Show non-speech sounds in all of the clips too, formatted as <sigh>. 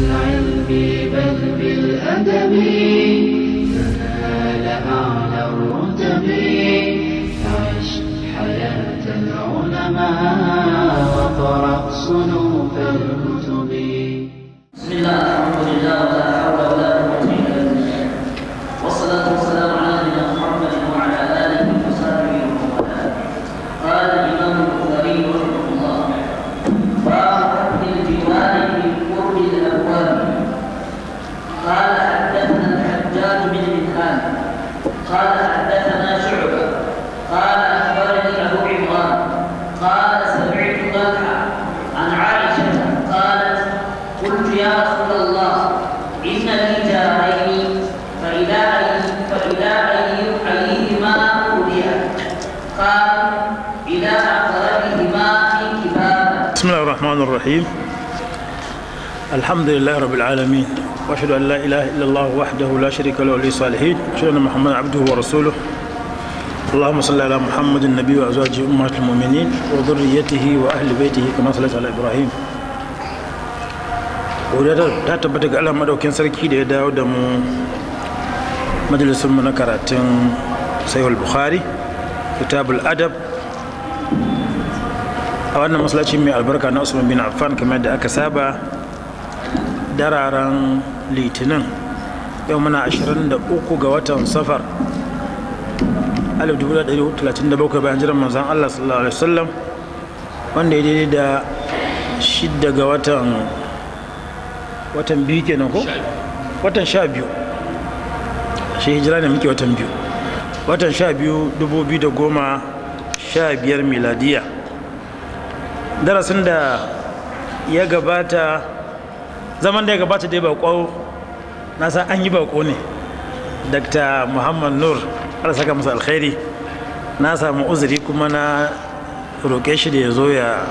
بالعلم بل بالأدب فنال أعلى الرتب عش حياة العلماء وقرأ صنوف الكتب بسم الله الرحيم الحمد لله رب العالمين واشهد ان لا اله الا الله وحده لا شريك له ولي صالحين اشهد ان محمدا عبده ورسوله اللهم صل على محمد النبي وازواجه امهات المؤمنين وذريته واهل بيته كما صليت على ابراهيم wadda ta tabbata ga Allah madaukin sarki da ya dawo da mu majalisunmu na karatun sayul bukhari kitabul adab a wannan masallaci mai albarka na usman bin affan kamar da aka saba dararen litinin yau muna 23 ga watan safar 1437 bayan jiran manzan allah sallallahu alaihi wasallam wanda ya daidai da shidda ga watan watan biyu kenan ko watan sha biyu shi hijira ne muke watan biyu watan sha biyu 2015 miladiyya darasin da ya gabata zaman da ya gabata dai bako na san an yi bako ne dr muhammad nur har saka musu alkhairi na samu uzuri kuma na roƙe shi da ya zo ya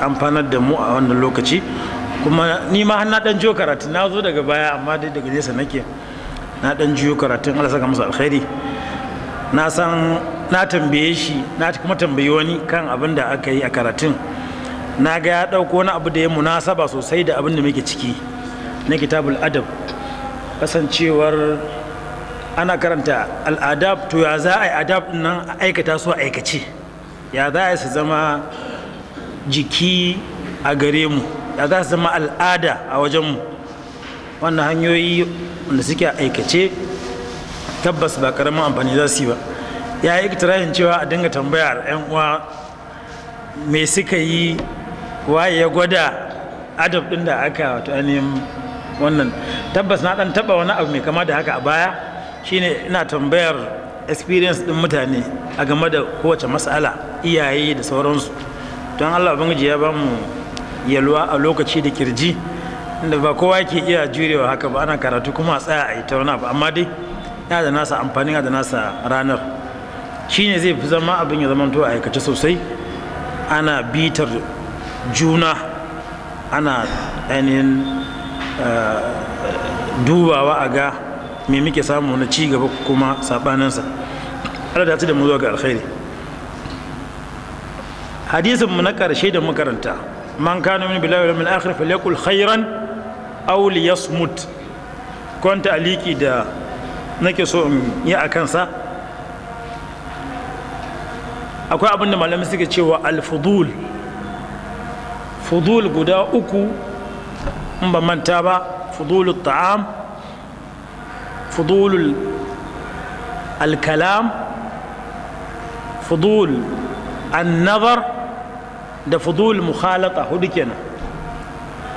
amfanar da mu a wannan lokaci kuma ni ma na dan jiyo karatun na zo daga baya amma dai daga nesa nake na dan jiyo karatun allah saka musu alkhairi na san na tambaye shi na kuma tambayi wani kan abin da aka yi a karatun na ga ya ɗauko wani abu da ya munasaba sosai da abin da muke ciki na kitabul adab kasancewar ana karanta al'adab to ya za a yi adab nan aikata su a aikace ya za a su zama jiki a gare mu ya za su zama al'ada a wajenmu wannan hanyoyi wanda suke a aikace tabbas ba karamin amfani za su yi ba ya yi cewa a dinga tambayar 'yan uwa me suka yi waye ya gwada adab din da aka wato ainihin wannan tabbas na dan taba wani abu mai kama da haka a baya shine ina tambayar experience din mutane a game da kowace mas'ala iyaye da sauransu don Allah ubangiji ya ba mu yalwa a lokaci da kirji inda ba kowa ke iya jurewa haka ba ana karatu kuma a tsaya a yi ta wani amma dai yana da nasa amfani yana da nasa ranar shine zai fi zama abin ya zama to aikace sosai ana bitar juna ana ainihin eh, dubawa a ga me muke samu na ci gaba kuma sabaninsa Allah da ta da mu zuwa ga alkhairi hadisin mu na ƙarshe da makaranta man kana min bilahi wal akhir falyakul khairan aw liyasmut kwanta aliki da nake so in yi a akwai abin da malamai suke cewa fudul فضول قدا أكو أمبا من تابا فضول الطعام فضول الكلام فضول النظر ده فضول مخالطة هدكنا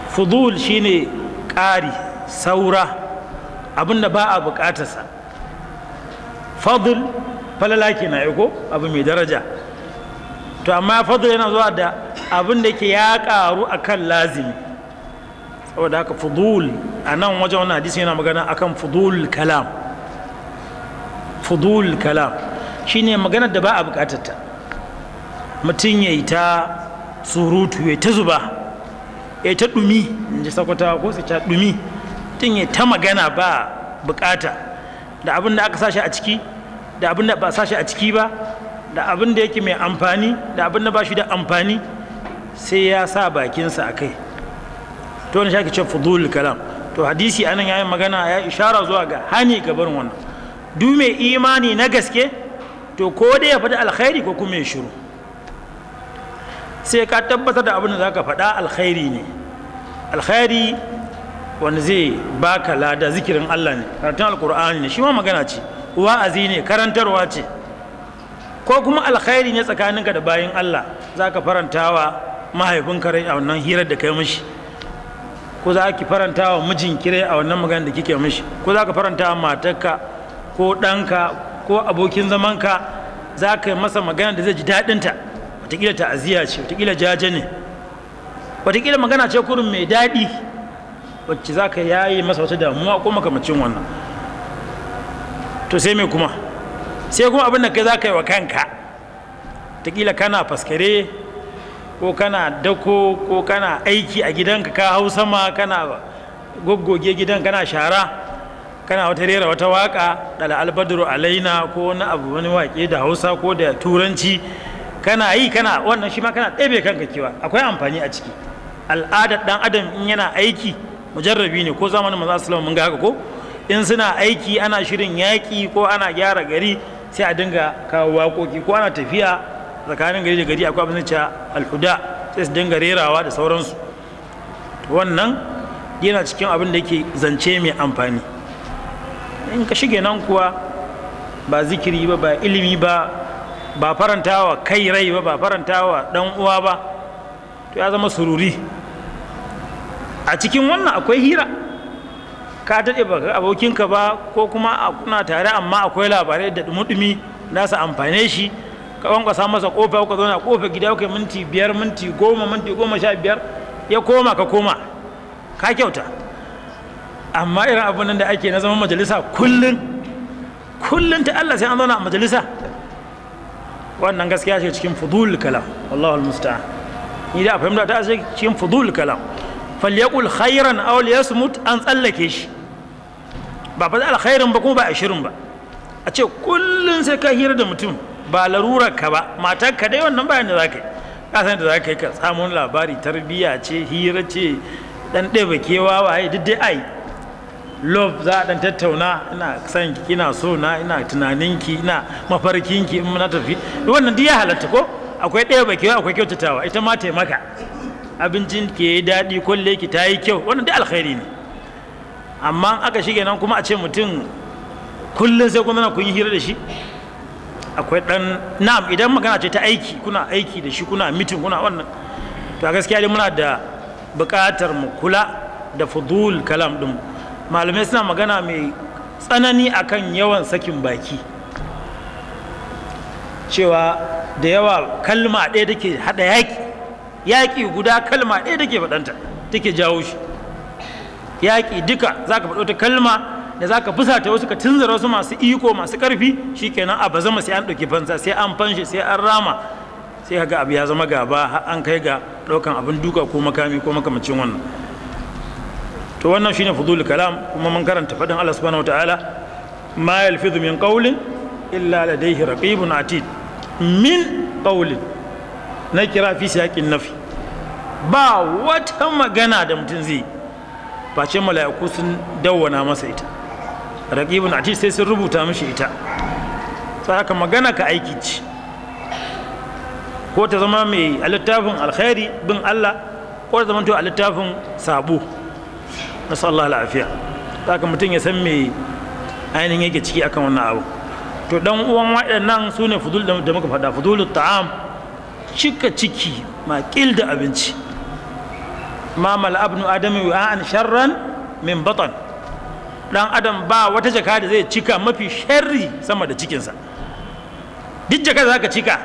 فضول شيني كاري ثورة أبن باء بكاتسا فضل فلا لكن أيكو أبو مي درجة to amma fadl yana zuwa da abin da ke ya karu akan lazimi saboda haka fudul a nan wajen wani hadisi yana magana akan fudul kalam fudul kalam shine magana da ba a bukatarta mutum ya yi ta surutu ya ta zuba ya ta dumi in ji sakwata ko su ta dumi mutum ya ta magana ba bukata da abin da aka sashi a ciki da abin da ba sashi a ciki ba da abin da yake mai amfani da abin da ba shi da amfani sai ya sa bakinsa a kai to wani shaki ce fudul kalam to hadisi anan ya yi magana ya ishara zuwa ga hani gabar wannan duk mai imani na gaske to ko dai ya faɗi alkhairi ko kuma ya shiru sai ka tabbatar da abin da zaka ka faɗa alkhairi ne alkhairi wanda zai baka lada zikirin allah ne karatun alkur'ani ne shi ma magana ce wa'azi ne karantarwa ce ko kuma alkhairi ne tsakaninka da bayan Allah za ka faranta wa mahaifinka a wannan hirar da kai mishi ko za ki faranta wa mijin kirai a wannan magana da kike mishi ko za ka faranta wa matarka ko ɗanka ko abokin zamanka za ka yi masa magana da zai ji daɗinta Watakila ta'aziyya ce watakila jaje ne Watakila magana ce kurin mai daɗi wacce za ka yaye masa wata damuwa ko makamacin wannan to sai mai kuma sai kuma abin da kai za ka yi wa kanka taƙila kana faskare ko kana dako ko kana aiki a gidanka ka hau sama kana goggoge gidan kana shara kana wata rera wata waka dala albadaru alaina ko wani abu wani wake da hausa ko da turanci kana yi kana wannan shi ma kana ɗebe kanka kewa akwai amfani a ciki al'adar ɗan adam in yana aiki mujarrabi ne ko zamanin manzo sallallahu mun ga haka ko in suna aiki ana shirin yaƙi ko ana gyara gari sai a dinga kawo waƙoƙi ko ana tafiya tsakanin gari da gari akwai abin cewa alhuda sai su dinga rerawa da sauransu wannan yana cikin abin da yake zance mai amfani in ka shige nan kuwa ba zikiri ba ba ilimi ba ba farantawa kai rai ba ba farantawa dan uwa ba to ya zama sururi a cikin wannan akwai hira ka taɗe ba abokinka ba ko kuma kuna tare amma akwai labarai da dumi-dumi za su amfane shi ka samu masa kofa ka zauna kofa gida kai minti biyar minti goma minti goma sha biyar ya koma ka koma ka kyauta amma irin abin nan da ake na zaman majalisa kullum kullum ta Allah sai an zauna a majalisa wannan gaskiya ce cikin fudul kalam wallahu almusta ni da fahimta ta ce cikin fudul kalam falyakul khairan aw liyasmut an tsallake shi ba fa alkhairin ba ko ba ashirin ba a ce kullum sai ka hira da mutum ba larurar ka ba matar ka dai wannan bayan da za ka yi ka san da za ka yi ka samun labari tarbiyya ce hira ce dan ɗaya kewa ya duk dai ai love za a dan tattauna ina san ki ina so na ina tunaninki ina mafarkinki in na tafi wannan duk ya halatta ko akwai ɗaya kewa akwai kyautatawa ita ma taimaka abincin ke daɗi kulle ki ta yi kyau wannan duk alkhairi ne amma aka shige nan kuma a ce mutum kullum sai kuna kun yi hira da shi akwai dan na'am idan magana ce ta aiki kuna aiki da shi kuna mitin kuna wannan to a gaskiya dai muna da buƙatar mu kula da fudul kalam din malamai suna magana mai tsanani akan yawan sakin baki cewa da yawa kalma ɗaya take haɗa yaƙi yaƙi guda kalma ɗaya take faɗanta take jawo shi yaƙi duka za ka faɗo ta kalma da za ka fusata wasu ka tunzara wasu masu iko masu ƙarfi kenan a ba zama sai an ɗauki fansa sai an fanshi sai an rama sai ka ga abu ya zama gaba an kai ga ɗaukan abin duka ko makami ko makamacin wannan to wannan shine fudul kalam kuma mun karanta faɗin Allah subhanahu wataala ma yalfidhu min qawlin illa ladayhi raqibun atid min qawlin na kira fi siyaqin nafi ba wata magana da mutum zai yi face mala'iku sun dawwana masa ita raƙibin ati sai sun rubuta mishi ita haka magana ka aiki ce ko ta zama mai a littafin alkhairi bin Allah ko ta zama to a littafin sabo nasu Allah lafiya haka mutum ya san mai ainihin yake ciki akan wannan abu to dan uwan waɗannan su ne fudul da muka faɗa fudulul ta'am cika ciki maƙil da abinci ma abnu adamu an sharran min batan dan adam ba wata jaka da zai cika mafi sharri sama da cikinsa duk jaka za ka cika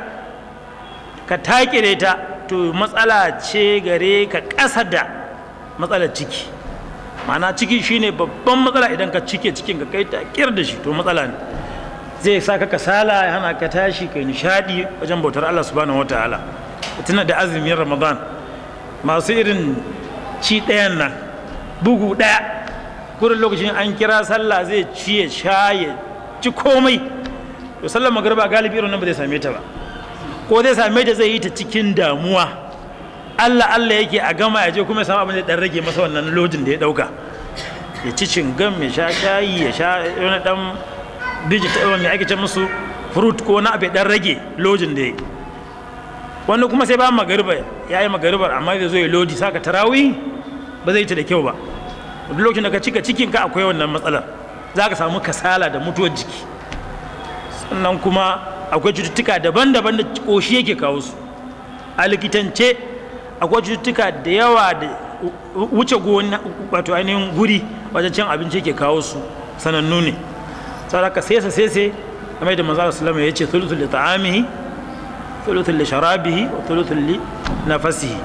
ka takire ta to matsala ce gare ka ƙasa da matsalar ciki mana ciki shine babban matsala idan ka cike cikin ka kai takir da shi to matsala ne zai saka ka kasala hana ka tashi kai nishadi wajen bautar Allah subhanahu wataala tana da azumin Ramadan masu irin ci ɗayan nan bugu ɗaya kurin lokacin an kira sallah zai ci ya sha ya ci komai to sallar magariba galibi irin nan ba zai same ta ba ko zai same ta zai yi ta cikin damuwa allah allah yake a gama ya je kuma ya samu abin da ɗan rage masa wannan lodin da ya ɗauka ya ci cingam ya sha shayi ya sha wani ɗan bijita mai aikacin musu fruit ko na abu ya ɗan rage lodin da ya yi wani kuma sai ba magariba ya yi magarbar amma zai zo ya lodi saka tarawi ba zai ta da kyau ba duk lokacin da ka cika cikin ka akwai wannan matsalar za ka samu kasala da mutuwar jiki sannan kuma akwai cututtuka daban-daban da koshi yake kawo su a likitance akwai cututtuka da yawa da wuce goni wato ainihin guri wajen cin abinci yake kawo su sanannu ne saboda ka sese sese kamar da manzo sallallahu alaihi wasallam ya ce thuluthul ta'amihi thuluthun li sharabihi wa thuluthun li nafasihi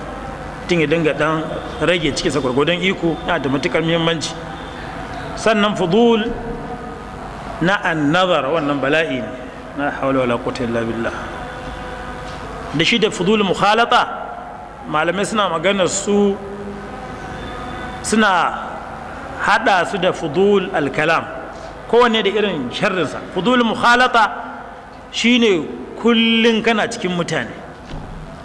tun ya dinga ɗan rage cikin sa gwargwadon iko na da matukar muhimmanci sannan fudul na nazar wannan bala'i ne na hawla wala quwwata illa billah da shi da fudul mukhalata malamai suna magana su suna hada su da fudul alkalam kowanne da irin sharrinsa fudul mukhalata shine kullum kana cikin mutane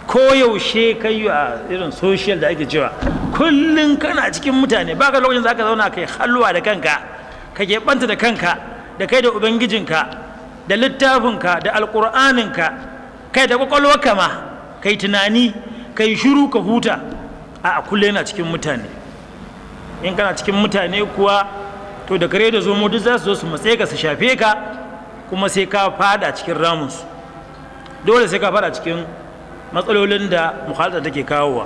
koyaushe kai a irin social da ake cewa kullum kana cikin mutane ba ka lokacin za ka zauna kai halwa da kanka ka keɓanta da kanka da kai da ubangijinka da littafinka da alƙur'aninka kai da ƙwaƙwalwarka ma kai tunani kai shiru ka huta a kullum yana cikin mutane in kana cikin mutane kuwa to da kare da zomo za su zo su matse ka su shafe ka kuma sai ka fada cikin ramunsu dole sai ka fada cikin matsalolin da muhalata take kawowa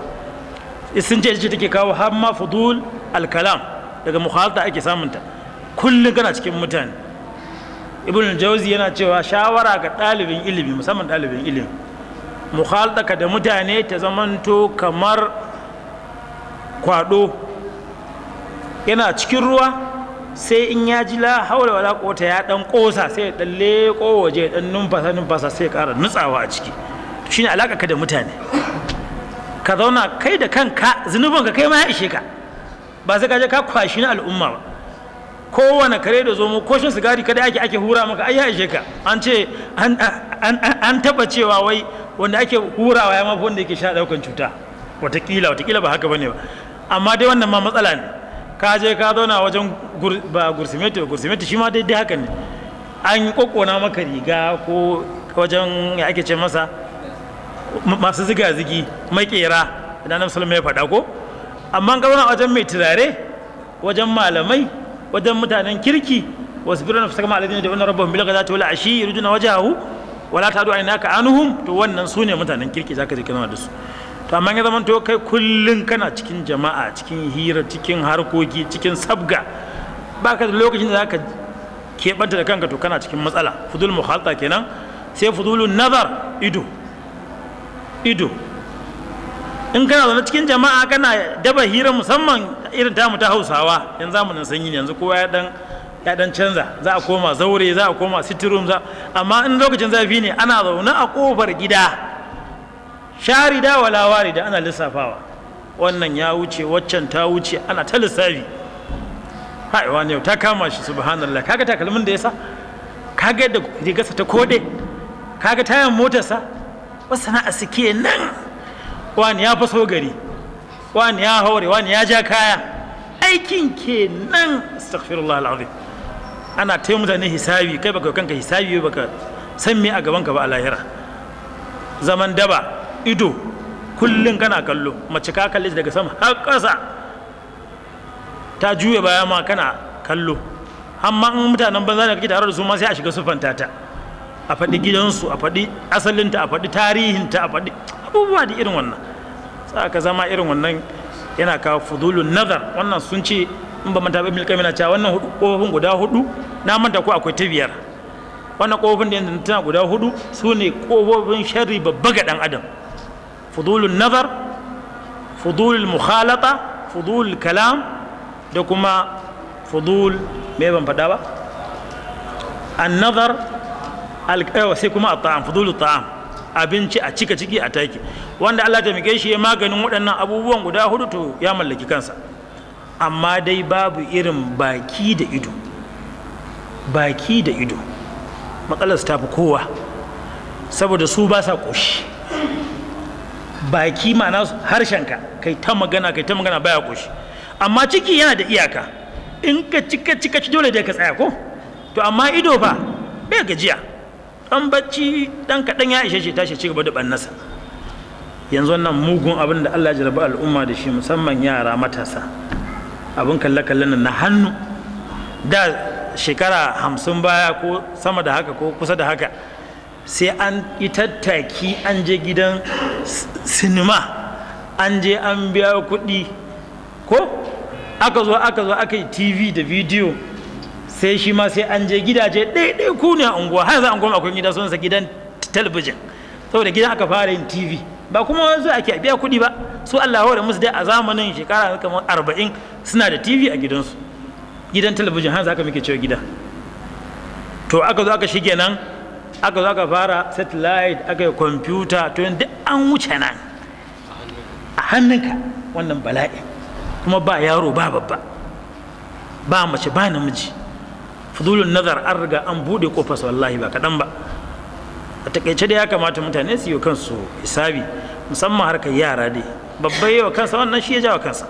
sun ce take kawo har ma fudul alkalam daga muhalata ake samunta kullum kana cikin mutane ibn jauzi yana cewa shawara ga ɗalibin ilimi musamman ɗalibin ilimi muhalata da mutane ta zamanto kamar kwado yana cikin ruwa sai in ya ji la haula wala kota ya dan kosa sai ya dan leko waje dan numfasa numfasa sai ya kara nutsawa a ciki shine alaka ka da mutane ka zauna kai da kanka zunubin ka kai ma ya ishe ka ba sai ka je ka kwashi na al'umma ba kowane kare da zomo ko shin sigari kada ake ake hura maka ai ya ishe ka an ce an taba cewa wai wanda ake hurawa ya mafi wanda yake sha daukan cuta watakila watakila ba haka bane ba amma dai wannan ma matsala ne ka je ka zauna wajen ba gursimeti gursimeti shi ma daidai haka ne an yi kokona maka riga ko wajen ya ake ce masa masu ziga-zigi makera da na musulmi ya faɗa ko amma ka zauna wajen mai turare wajen malamai wajen mutanen kirki Wasu wasbiru nafsaka ma za ta wula a shi yi rujuna yurduna hau wala ta tadu ka anuhun to wannan su ne mutanen kirki za ka je kana da su to amma ya to kai kullum kana cikin jama'a cikin hira cikin harkoki cikin sabga baka da lokacin da zaka keɓanta da kanka to kana cikin matsala fudul muhalta kenan sai fudul nazar ido ido in kana zaune cikin jama'a kana daba hira musamman irin tamu ta hausawa yan zamanin sanyi yanzu kowa ya dan ya dan canza za a koma zaure za a koma sitirum amma in lokacin zafi ne ana zaune a kofar gida sharida wala da ana lissafawa wannan ya wuce waccan ta wuce ana ta lissafi haiwa ne ta kama shi subhanallah kaga takalmin da ya sa kaga yadda rigarsa ta kode kaga tayan motarsa wasu sana'a suke nan wani ya faso gari wani ya haure wani ya ja kaya aikin ke nan astaghfirullah alazim ana ta mutane hisabi kai baka kanka hisabi baka san me a gaban ka ba a lahira zaman daba ido kullum kana kallo mace ka kalli daga sama har ƙasa ta juya baya ma kana kallo amma in mutanen banza da kake tare da su ma sai a shiga sufanta ta a faɗi gidansu a faɗi asalinta a faɗi tarihinta a faɗi abubuwa da irin wannan za ka zama irin wannan yana kawo fudulun nazar wannan sun ce in ba mata ba kamina qayyim cewa wannan hudu kofin guda hudu na manta ko akwai ta biyar wannan kofin da yanzu tana guda hudu su ne kofofin sharri babba ga dan adam fudulun nazar fudulul mukhalata fudulul kalam da kuma fudul me ban faɗa ba an nazar sai kuma at'am abinci a cika ciki a take wanda Allah ta mike shi ya maganin waɗannan abubuwan guda hudu to ya mallaki kansa amma dai babu irin baki da ido baki da ido matsalar ta fi kowa saboda su ba sa baki harshen ka, kai ta magana kai ta magana baya koshi amma ciki yana da iyaka in ka cika cika ci dole dai ka tsaya ko to amma ido fa bai gajiya dan bacci dan kaɗan ya ishe shi tashi ci gaba da bannasa yanzu wannan mugun abin da Allah ya jarraba al'umma da shi musamman yara matasa abin kalle-kalle na hannu da shekara hamsin baya ko sama da haka ko kusa da haka sai an yi tattaki an je gidan sinima an je an biya kuɗi ko aka zo aka zo aka yi tv da bidiyo sai shi ma sai an je gidaje ɗaiɗai ku ne a unguwa har yanzu an goma akwai gida sunsa gidan talabijin saboda gidan aka fara yin tv ba kuma wanzu ake biya kuɗi ba su Allah hore musu dai a zamanin shekara kamar arba'in suna da tv a gidansu gidan talabijin har yanzu aka muke cewa gida to aka zo aka shige nan aka zo aka fara satellite aka yi kwamfuta to duk an wuce nan a hannunka wannan bala'i kuma ba yaro ba babba ba mace ba namiji fudulun nazar an riga an buɗe kofas wallahi ba kaɗan ba a takaice da ya kamata mutane su yi kansu hisabi musamman harkar yara dai yi wa kansa wannan shi ya jawa kansa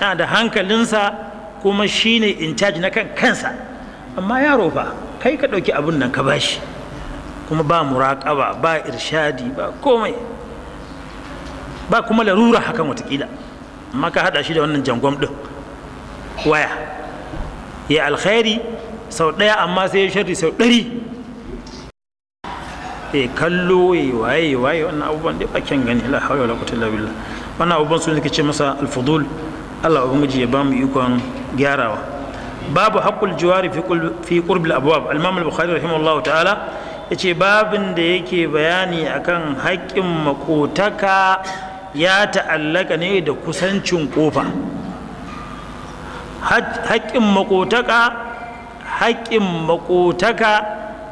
yana da hankalinsa kuma shine in charge na kan kansa amma yaro fa kai ka ɗauki abin nan ka bashi kuma ba muraƙaba ba irshadi ba komai ba kuma larura hakan watakila amma ka haɗa shi da wannan jangon ɗin waya ya alkhairi sau ɗaya amma sai ya sharri sau ɗari ya kallo ya waye ya waye wannan abubuwan da bakin gani la hawla wala quwwata illa wannan abubuwan su suke ce masa al-fudul Allah ubangiji ya bamu ikon gyarawa babu haqqul juwari fi fi qurbil abwab al-imam al-bukhari rahimahullahu ta'ala ya ce babin da yake bayani akan haƙƙin makotaka ya ta'allaka ne da kusancin ƙofa haƙƙin makotaka haƙƙin makotaka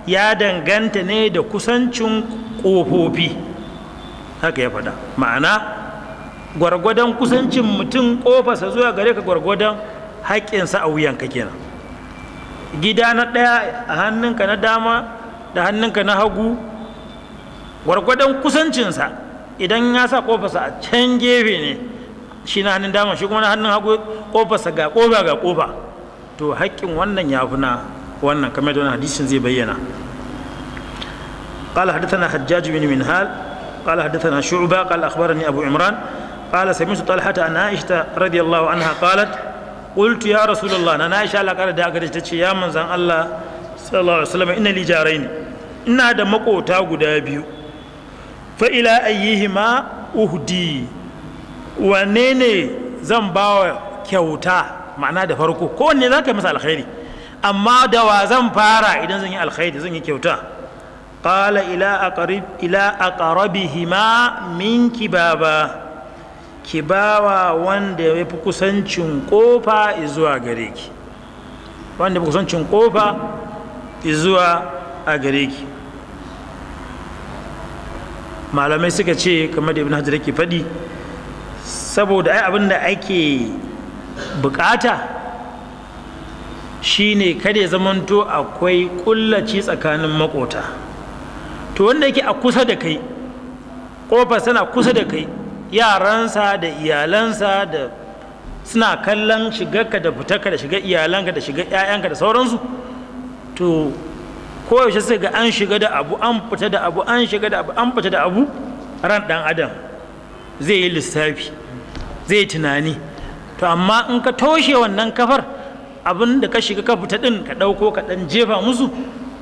ya danganta ne da kusancin ƙofofi haka ya faɗa ma'ana gwargwadon kusancin mutum ƙofarsa zuwa gare ka gwargwadon haƙƙinsa a wuyanka kenan gida na ɗaya a hannunka na dama da hannunka na hagu gwargwadon kusancinsa idan ya sa kofarsa a can gefe ne shi na hannun dama shi kuma na hannun hagu kofarsa ga kofa ga kofa to haƙƙin wannan ya fi na wannan kamar da hadisin zai bayyana قال حدثنا حجاج بن منهال قال حدثنا شعبة قال أخبرني أبو عمران قال سمعت طلحة عن عائشة رضي الله عنها قالت قلت يا رسول الله أنا عائشة لك يا من الله صلى الله عليه وسلم إن لي جارين ina da makota guda biyu fa ila ma uhdi wanne ne zan ba wa kyauta ma'ana da farko kowanne za ka yi masa alkhairi amma da wa zan fara idan zan yi alkhairi zan yi kyauta qala ila aqrib ila aqrabihima min kibaba kibawa wanda ya fi kusancin kofa zuwa gare ki wanda ya fi kusancin kofa zuwa a gare ki malamai suka ce kamar da ibn hajar yake faɗi saboda ai abin da ake bukata shine kada ya zamanto akwai kullaci tsakanin makota to wanda yake a kusa da kai kofar suna kusa da kai yaransa da iyalansa da suna kallon shigarka da fitarka da shiga iyalanka da shiga 'ya'yanka da sauransu to koyaushe sai ga an shiga da abu an fita da abu an shiga da abu an fita da abu ran dan adam zai yi lissafi zai tunani to amma in ka toshe wannan kafar abin da ka shiga ka fita din ka ɗauko ka dan jefa musu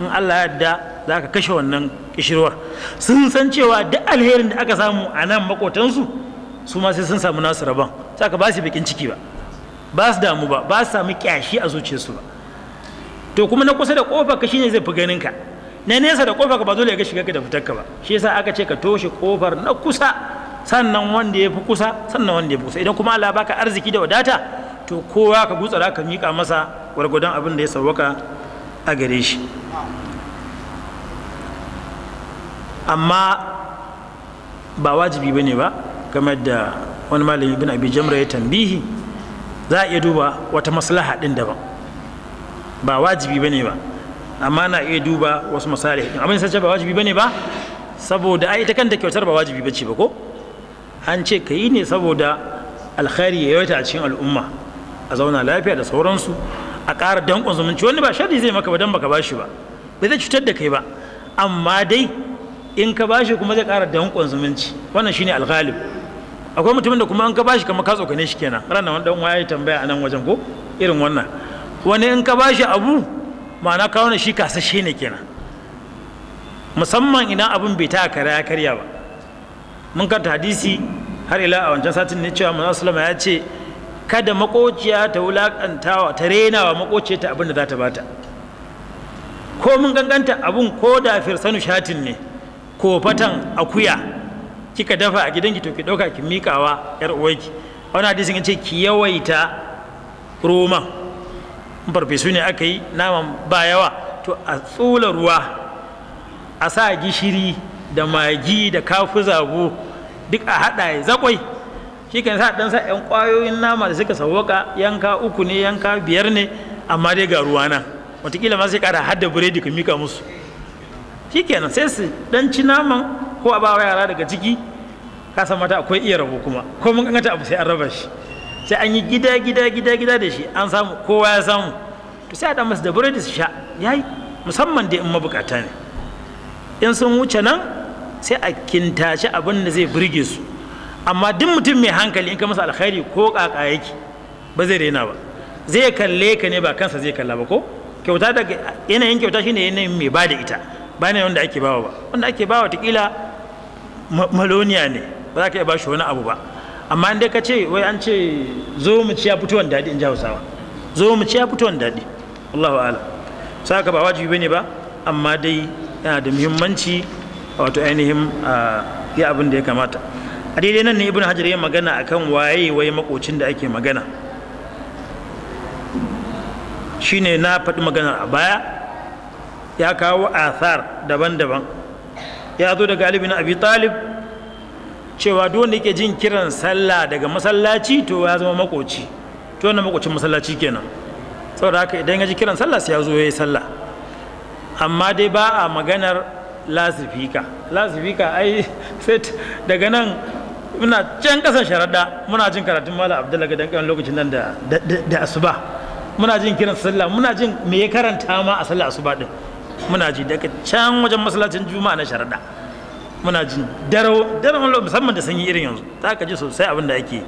in Allah yadda za ka kashe wannan kishirwar sun san cewa duk alherin da aka samu a nan makotansu su ma sai sun samu nasu rabon saka ba su bikin ciki ba ba su damu ba ba su samu kyashi a zuciyarsu ba to kuma na kusa da kofar ka shine zai fi ganin ka na nesa da kofar ka ba dole ya ga shiga ka da fitar ka ba shi yasa aka ce ka toshe kofar na kusa sannan wanda ya fi kusa sannan wanda ya fi kusa idan kuma Allah baka arziki da wadata to kowa ka gutsara ka mika masa gwargwadon abin da ya sauwaka a gare shi amma ba wajibi bane ba game da wani malami ibn abi jamra ya tambihi za a iya duba wata maslaha din daban ba wajibi ba ne ba amma na iya duba wasu misali amma abin ce ba wajibi ba ne ba saboda ai ita kanta kyautar ba wajibi bace ba ko an ce ka yi ne saboda alkhairi ya yawaita a cikin al'umma a zauna lafiya da sauransu a ƙara danƙon zumunci wani ba sharri zai maka ba don baka bashi ba bai zai cutar da kai ba amma dai in ka bashi kuma zai ƙara danƙon zumunci wannan shine alghalib akwai mutumin da kuma an ka bashi kamar ka tsokane shi kenan ranar wani dan waya tambaya a nan wajen ko irin wannan wani in ka bashi abu ma'ana wani shi shi ne kenan musamman ina abin bai ta kare ya karya ba mun karta hadisi har ila a wancan satin ne cewa manzo sallama ya ce kada makociya ta wulakantawa ta renawa makociya ta abin da za ta bata ko mun ganganta abun ko da firsanu shatin ne ko fatan akuya kika dafa a gidanki to ki dauka ki mikawa yar uwarki wani hadisin ya ce ki yawaita roman farfesu ne aka yi naman ba yawa to a tsula ruwa a sa gishiri da magi da kafu zabo duk a haɗa ya zakwai shi kan sa ɗan 'yan ƙwayoyin nama da suka sauwaka yanka uku ne yanka biyar ne amma dai ga ruwa nan wataƙila ma sai ƙara hada biredi ka mika musu shi kenan sai su ɗan ci naman ko a ba yara daga ciki ka mata akwai iya rabo kuma ko mun gangata abu sai an raba shi sai an yi gida gida gida gida da shi an samu kowa ya samu to sai a dan masu da burodi su sha yayi musamman dai in mabukata ne in sun wuce nan sai a kintace abin da zai burge su amma duk mutum mai hankali in ka masa alkhairi ko kaka yake ba zai rena ba zai kalle ka ne ba kansa zai kalla ba ko kyauta daga yanayin kyauta shine yanayin mai ba da ita ba ne wanda ake bawa ba wanda ake bawa ta maloniya ne ba za ka iya ba shi wani abu ba amma dai ka ce wai an ce zo mu ci ya fito wani daɗi in ji hausawa zo mu ci ya fito wani daɗi ala sa ba wajibi ne ba amma dai yana da muhimmanci wato ainihin ya abin da ya kamata a daidai nan ne ibn hajar ya magana akan waye wai makocin da ake magana shine na faɗi magana a baya ya kawo athar daban-daban ya zo daga galibi na Abi Talib cewa dole yake jin kiran sallah daga masallaci to ya zama makoci to wannan makocin masallaci kenan saboda haka idan ya ji kiran sallah sai ya zo ya yi sallah amma dai ba a maganar lasifika lasifika ai <laughs> sai daga nan muna can kasan sharaɗa muna jin karatun mala abdullahi dan kan lokacin nan da da asuba muna jin kiran sallah muna jin me ya karanta ma a sallah asuba din muna ji daga can wajen masallacin juma'a na sharaɗa muna jin daro daro musamman da sanyi irin yanzu za ka ji sosai abin da ake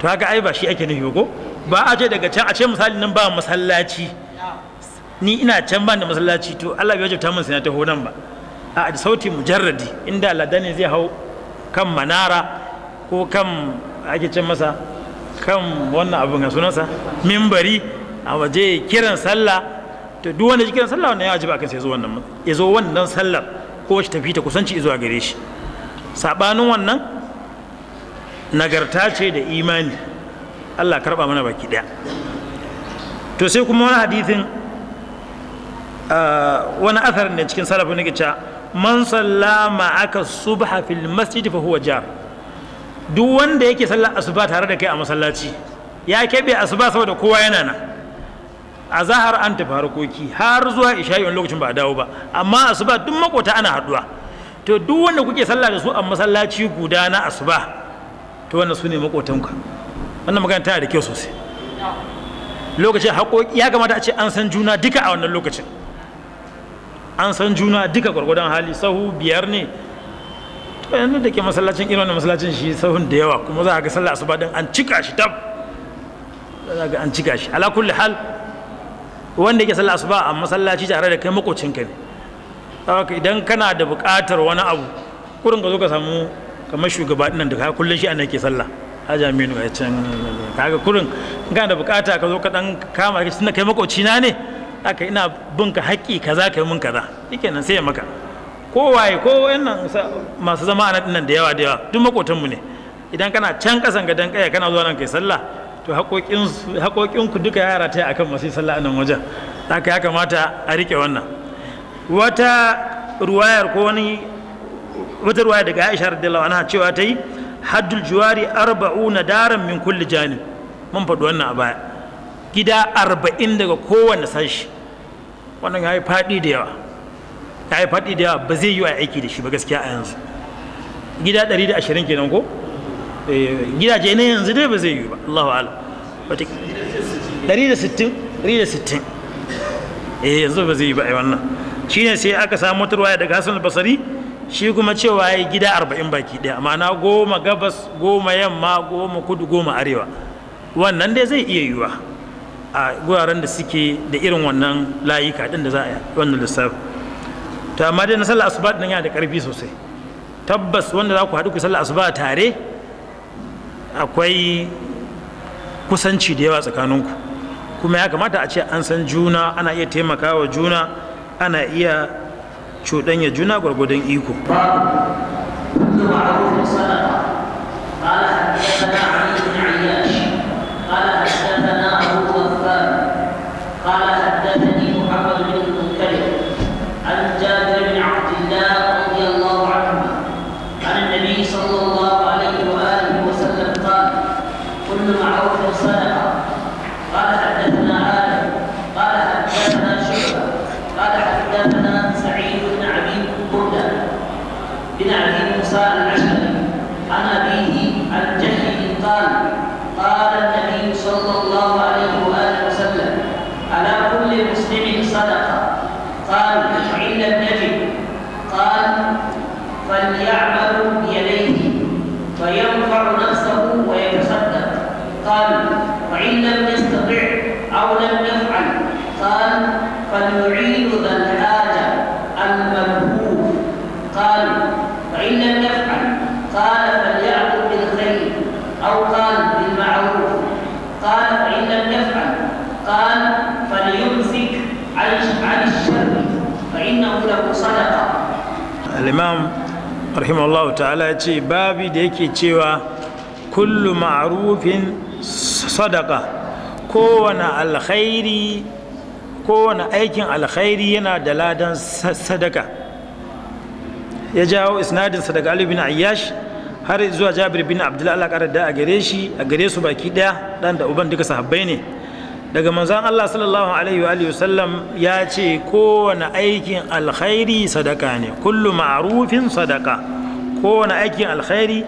to haka ai ba shi ake nufi ko ba a ce daga can a ce misali nan ba masallaci ni ina can ba da masallaci to Allah bai wajabta min sanata ho nan ba a sauti mujarradi inda Allah ne zai hau kan manara ko kan ake ce masa kan wannan abin sunansa mimbari a waje kiran sallah to duk wanda kiran sallah wannan ya wajiba kan sai zo wannan ya zo wannan sallar kowace tafi ta kusanci zuwa gare shi saɓanin wannan nagarta ce da imani allah karɓa mana baki ɗaya to sai kuma wani hadithin wani atharin da cikin salafin nake cewa man sallama aka subha fil masjid fa huwa jar duk wanda yake sallar asuba tare da kai a masallaci ya keɓe asuba saboda kowa yana nan a zahar an tafi harkoki har zuwa isha'i wani lokacin ba a dawo ba amma asuba duk makota ana haduwa to duk wanda kuke sallah da su a masallaci guda na asuba to wannan su ne makotanka wannan magana tana da kyau sosai lokacin haƙoƙi ya kamata a ce an san juna duka a wannan lokacin an san juna duka gwargwadon hali sahu biyar ne to yanzu da ke masallacin irin wannan masallacin shi sahun da yawa kuma za a ga sallah asuba din an cika shi tab za a ga an cika shi ala kulli hal wanda yake sallah asuba a masallaci tare da kai makocinka ne saboda idan kana da buƙatar wani abu kurin ka zo ka samu kamar shugaba dinan da ka kullum shi ana ke sallah haja minu ga can kaga kurin kana da buƙata ka zo ka dan kama ka tunda kai makocina ne aka ina bin ka haƙƙi kaza kai mun kaza shikenan sai ya maka ko waye ko wayannan masu zama a nan da yawa da yawa duk makotanmu ne idan kana can kasan dan kaya kana zuwa nan kai sallah to haƙoƙinku duka yara ta akan masu sallah a nan wajen haka ya kamata a riƙe wannan wata ruwayar ko wani wata ruwayar daga aisha radiyallahu anha cewa ta yi haddul juwari na daren min kulli janib mun faɗi wannan a baya gida arba'in daga kowane sashi wannan ya yi faɗi da yawa ya yi faɗi da yawa ba zai yi wa aiki da shi ba gaskiya a yanzu gida ɗari da ashirin kenan ko Eh, gidaje ne yanzu dai ba zai yi ba wa ala wata 160 160 eh yanzu ba zai yi ba ai wannan shine sai aka samu turwaya daga Hassan al-Basri shi kuma cewa ya gida 40 baki daya ma'ana goma gabas goma yamma goma kudu goma arewa wannan dai zai iya yiwa a guraren da suke da irin wannan layika din da za a yi wannan lissafi to amma dai na sallar asuba din yana da karfi sosai tabbas wanda za ku haɗu ku sallar asuba tare akwai kusanci da yawa tsakaninku kuma ya kamata a ce an san juna ana iya taimakawa juna ana iya cuɗanya juna gwargwadon iko قال حدثنا أبو غفار قال rahimahullah ta'ala ya ce babi da yake cewa kullu ma'arufin sadaka kowane alkhairi kowane aikin alkhairi yana da ladan sadaka ya jawo isnadinsa daga Ali bin Ayyash har zuwa Jabir bin Abdullah Allah da a gare a gare su baki ɗaya ɗan da uban duka sahabbai ne daga manzon Allah sallallahu alaihi wa sallam ya ce kowane aikin alkhairi sadaka ne kullu ma'rufin sadaka kowane aikin alkhairi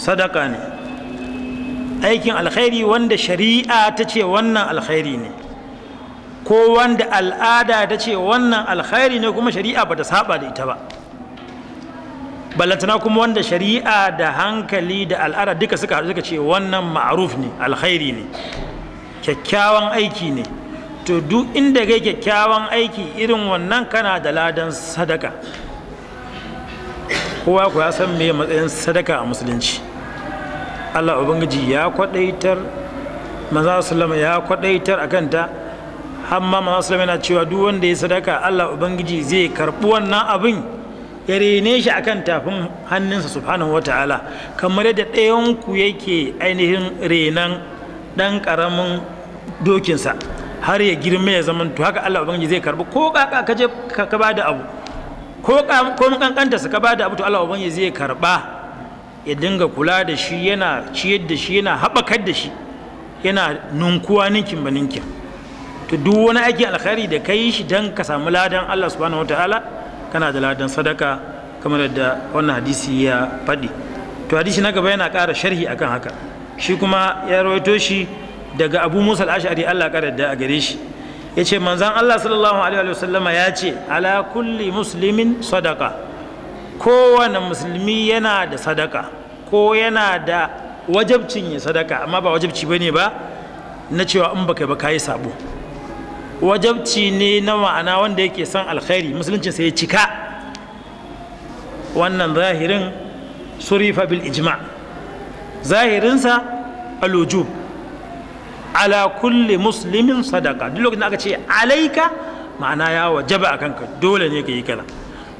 sadaka ne aikin alkhairi wanda shari'a ta ce wannan alkhairi ne ko wanda al'ada ta ce wannan alkhairi ne kuma shari'a ba ta saba da ita ba ballantana kuma wanda shari'a da hankali da al'ada duka suka haɗu suka ce wannan ma'aruf ne alkhairi ne kyakkyawan aiki ne to duk inda kai kyakkyawan aiki irin wannan kana da ladan sadaka kowa ku ya san me matsayin sadaka a musulunci Allah ubangiji ya kwadaitar manzo sallama ya kwadaitar akan ta amma manzo sallama yana cewa duk wanda ya sadaka Allah ubangiji zai karbi wannan abin ya rene shi akan tafin hannunsa subhanahu wataala kamar yadda ɗayan ku yake ainihin renan ɗan ƙaramin dokinsa har ya girma ya zama to haka Allah ubangiji zai karbi ko ka ka je ka ba da abu ko ko mun kankanta su ka ba da abu to Allah ubangiji zai karba ya dinga kula da shi yana ciyar da shi yana haɓakar da shi yana nunkuwa ninkin ba to duk wani aikin alkhairi da ka shi dan ka samu ladan Allah subhanahu wataala kana da ladan sadaka kamar da wannan hadisi ya faɗi to hadisi na gaba yana ƙara sharhi akan haka shi kuma ya rawaito shi daga abu musa al'ashari ashari Allah ka da a gare shi ce manzan Allah sallallahu alaihi wa ya ce ala kulli musulmin sadaka kowane musulmi yana da sadaka ko yana da wajabcin ya sadaka amma ba wajabci ne ba na cewa in baka ba kayi sabo wajabci ne na ma'ana wanda yake son alkhairi musuluncin sai ya cika wannan zahirin surifa bil ijma' zahirinsa alujub ala kulli muslimin sadaka duk lokacin aka ce alaika ma'ana ya wajaba a kanka dole ne ka yi kaza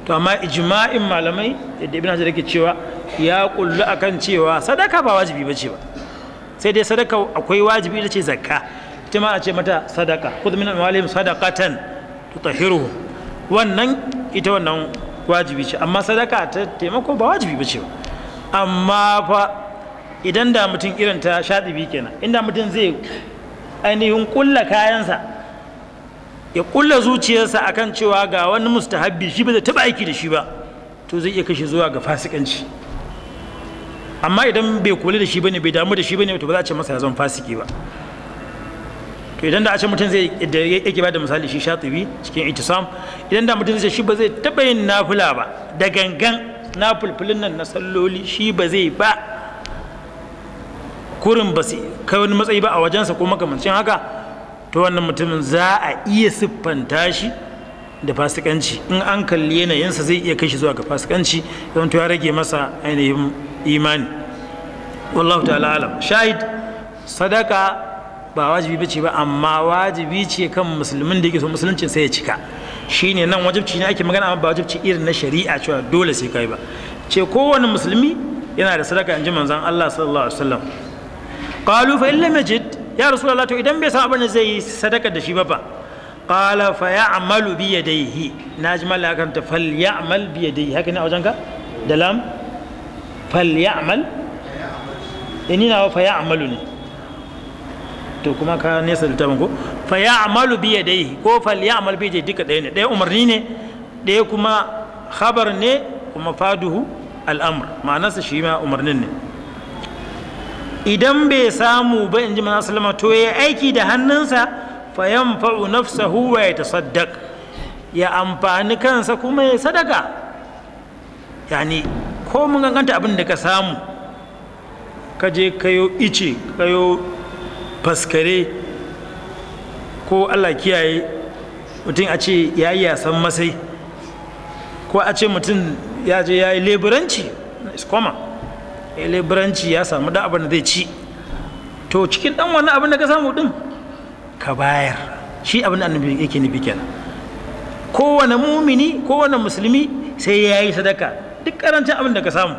to amma ijma'in malamai yadda ibn hajar yake cewa ya kullu akan cewa sadaka ba wajibi bace ba sai dai sadaka akwai wajibi ita ce zakka ita ma a ce mata sadaka khudh min amwalihim sadaqatan tutahhiruhum wannan ita wannan wajibi ce amma sadaka ta taimako ba wajibi bace ba amma fa idan da mutum irin ta shaɗibi kenan inda mutum zai ainihin ƙulla kayansa ya ƙulla zuciyarsa akan cewa ga wani mustahabbi shi ba zai taɓa aiki da shi ba to zai iya kashe zuwa ga fasikanci amma idan bai kula da shi bane bai damu da shi bane to ba za a ce masa ya zama fasiki ba to idan da a ce mutum zai da yake bada misali shi shatibi cikin itisam idan da mutum zai shi ba zai taɓa yin nafula ba da gangan nafulfulin nan na salloli shi ba zai ba kurin ba su kai wani matsayi ba a wajensa ko makamancin haka to wannan mutumin za a iya siffanta shi da fasikanci in an kalli yanayinsa zai iya kai shi zuwa ga fasikanci don to ya rage masa ainihin imani wallahu ta'ala alam shahid sadaka ba wajibi bace ba amma wajibi ce kan musulmin da yake so musuluncin sai ya cika shine nan wajibci ne ake magana amma ba wajibci irin na shari'a cewa dole sai kai ba ce kowane musulmi yana da sadaka in ji manzon Allah sallallahu alaihi wasallam qalu fa illam yajid ya rasulullah to idan bai san abin da zai yi sadaka da shi ba fa qala fa ya'malu bi yadayhi naji malakan ta fal ya'mal bi yadayhi haka ne a wajenka da lam fal ya'mal ini na fa ya'malu ne to kuma ka nesa da tabanko fa ya'malu bi yadayhi ko fal ya'mal bi yadayhi duka ɗaya ne ɗaya umarni ne ɗaya kuma khabar ne kuma faduhu al'amr ma'anarsa shi ma umarnin ne idan bai samu ba in ji masu to ya aiki da hannunsa fa yanfa'u nafsahu wa huwa ya amfani kansa kuma ya sadaka yani ko mun ganganta abin da ka samu ka je kayo ice kayo faskare ko Allah kiyaye mutum a ce ya yi yasan masai ko a ce mutum ya je ya yi leburanci iskoma ya eh, ya samu da abin da zai ci to cikin dan wannan abin da ka samu din ka bayar shi abin da annabi yake nufi kenan kowane mumini kowane musulmi sai ya yi sadaka duk karancin abin da ka samu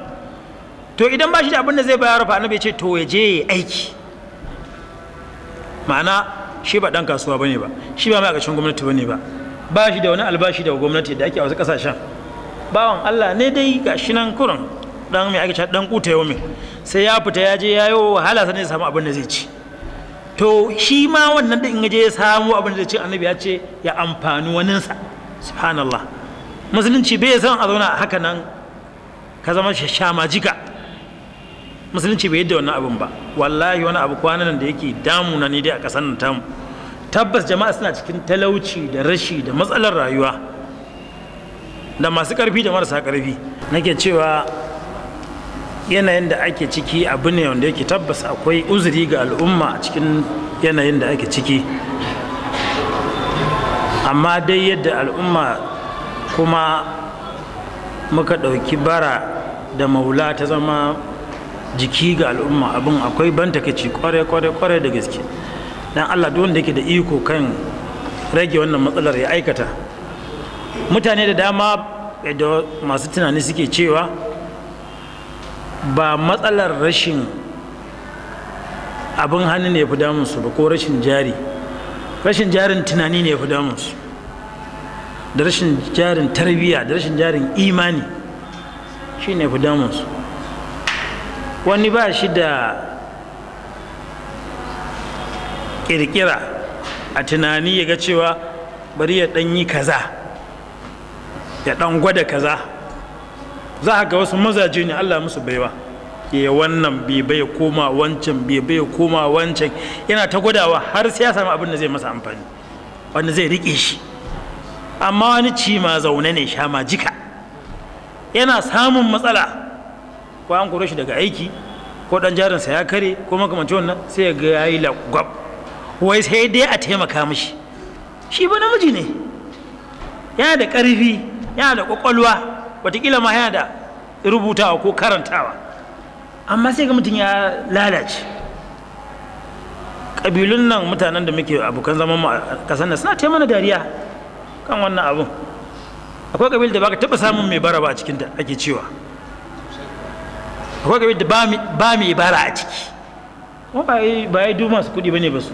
to idan ba shi da abin da zai bayar fa annabi ya ce to ya je ya aiki ma'ana shi ba dan kasuwa bane ba shi ba ma'aikacin gwamnati bane ba ba shi da wani albashi daga gwamnati da ake a wasu kasashen bawan Allah ne dai shi nan kurin dan mai ake dan kuta yomin sai ya fita ya je ya yi wahala sannan ya samu abin da zai ci to shi ma wannan da ya je ya samu abin da zai ci annabi ya ce ya amfani sa subhanallah musulunci bai san a zauna haka nan ka zama shama jika musulunci bai yadda wannan abin ba wallahi wani abu kwanan da yake damu na ne dai a kasan nan tamu tabbas jama'a suna cikin talauci da rashi da matsalar rayuwa da masu ƙarfi da marasa ƙarfi nake cewa yanayin da ake ciki abu ne wanda yake tabbas akwai uzuri ga al'umma a cikin yanayin da ake ciki amma dai yadda al'umma kuma muka ɗauki bara da maula ta zama jiki ga al'umma abin akwai ban takaci kware-kware kware da gaske don allah duk wanda yake da iko kan rage wannan matsalar ya aikata mutane da dama da masu tunani suke cewa ba matsalar rashin abin hannu ne fi damunsu ba ko rashin jari rashin jarin tunani ne fi damunsu da rashin jarin tarbiyya da rashin jarin imani shi ne fi damunsu wani ba shi da kirkira a tunani ya ga cewa bari ya ɗan yi kaza ya ɗan gwada kaza za ga wasu mazaje ne Allah musu baiwa ya wannan bai bai koma wancan bai bai koma wancan yana ta gwadawa har sai ya samu abin da zai masa amfani wanda zai rike shi amma wani ci ma zaune ne sha ma jika yana samun matsala ko an kore shi daga aiki ko dan jarinsa ya kare ko makamancin wannan sai ya ga yayi lagwab wai sai dai a taimaka mishi shi ba namiji ne yana da ƙarfi yana da ƙwaƙwalwa watakila ma ya da rubutawa ko karantawa amma sai ga mutum ya lalace ƙabilun nan mutanen da muke abokan zaman mu a ƙasar nan suna taimana dariya kan wannan abun akwai ƙabil da ba ka taɓa samun mai bara ba a cikinta ake cewa akwai ƙabil da ba mai bara a ciki kuma ba ya duma su kuɗi ba ne ba su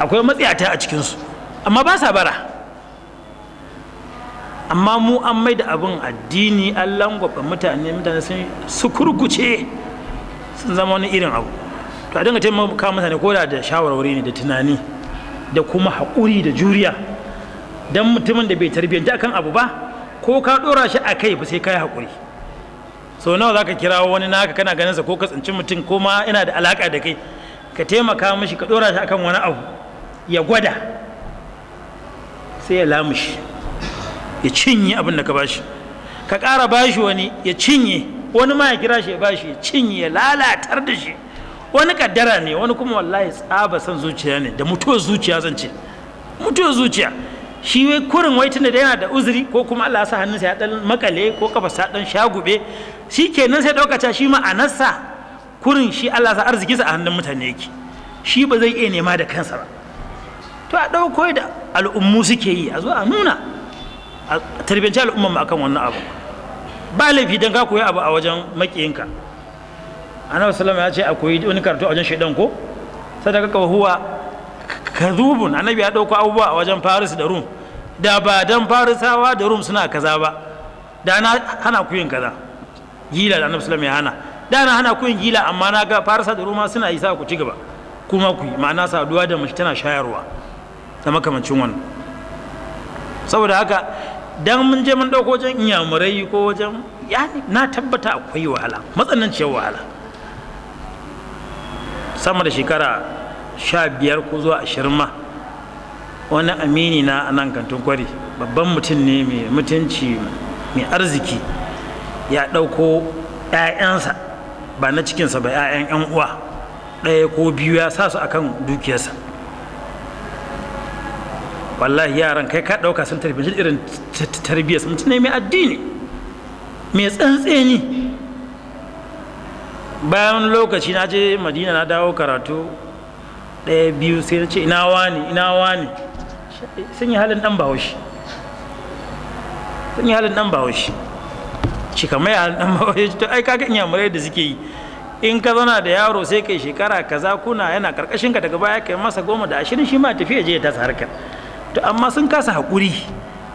akwai matsiyata a cikinsu amma ba sa bara amma mu an mai da abin addini an langwafa mutane mutane sun su sun zama wani irin abu to a dinga taimaka mutane ko da da shawarwari ne da tunani da kuma haƙuri da juriya don mutumin da bai tarbiyyanta akan abu ba ko ka ɗora shi a kai ba sai ka yi haƙuri sau nawa za ka kira wani naka kana ganin sa ko ka tsinci mutum ko ma yana da alaƙa da kai ka taimaka mashi ka ɗora shi akan wani abu ya gwada sai ya lamushi ya cinye abin da ka bashi ka ƙara bashi wani ya cinye wani ma ya kira shi ya bashi ya cinye ya lalatar da shi wani kaddara ne wani kuma wallahi tsaba san zuciya ne da mutuwar zuciya zan ce mutuwar zuciya shi wai kurin wai tunda da yana da uzuri ko kuma Allah sa hannunsa ya dan makale ko kafa sa dan shagube shi kenan sai daukaca shi ma'anarsa kurin shi Allah sa sa a hannun mutane yake shi ba zai iya nema da kansa ba to a dauko da al'ummu suke yi a zo a nuna a tarbiyanci al'umman mu akan wannan abu ba laifi dan ka koyi abu a wajen makiyinka annabi sallallahu ya ce a koyi wani karatu a wajen shaidan ko sadaka ka huwa kadhubun annabi ya dauko abubuwa a wajen faris da rum da ba dan farisawa da rum suna kaza ba da na hana ku yin kaza gila da annabi sallallahu ya hana da na hana ku yin gila amma na ga farisa da rum suna yi sa ku ci gaba kuma ku yi ma'ana saduwa da mace tana shayarwa da makamancin wannan saboda haka dan mun je mun ɗauko wajen inyamurai ko wajen ya na tabbata akwai wahala matsananciyar wahala sama da shekara sha biyar ko zuwa ashirin ma wani amini na a nan kantin kwari babban mutum ne mai mutunci mai arziki ya ɗauko 'ya'yansa ba na cikinsa ba 'ya'yan 'yan uwa ɗaya ko biyu ya sa su akan dukiyarsa wallahi yaran kai ka ɗauka sun tarbiyyar irin tarbiyyar sun ne mai addini mai tsantseni bayan lokaci na je madina na dawo karatu ɗaya biyu sai na ce ina wani ina wani sun yi halin ɗan bahaushe sun yi halin ɗan bahaushe shi kamar yi halin ɗan bahaushe to ai kaga in yamurai da suke yi in ka zauna da yaro sai kai shekara kaza kuna yana karkashin ka daga baya kai masa goma da ashirin shi ma tafiya je ta harkar to amma sun kasa haƙuri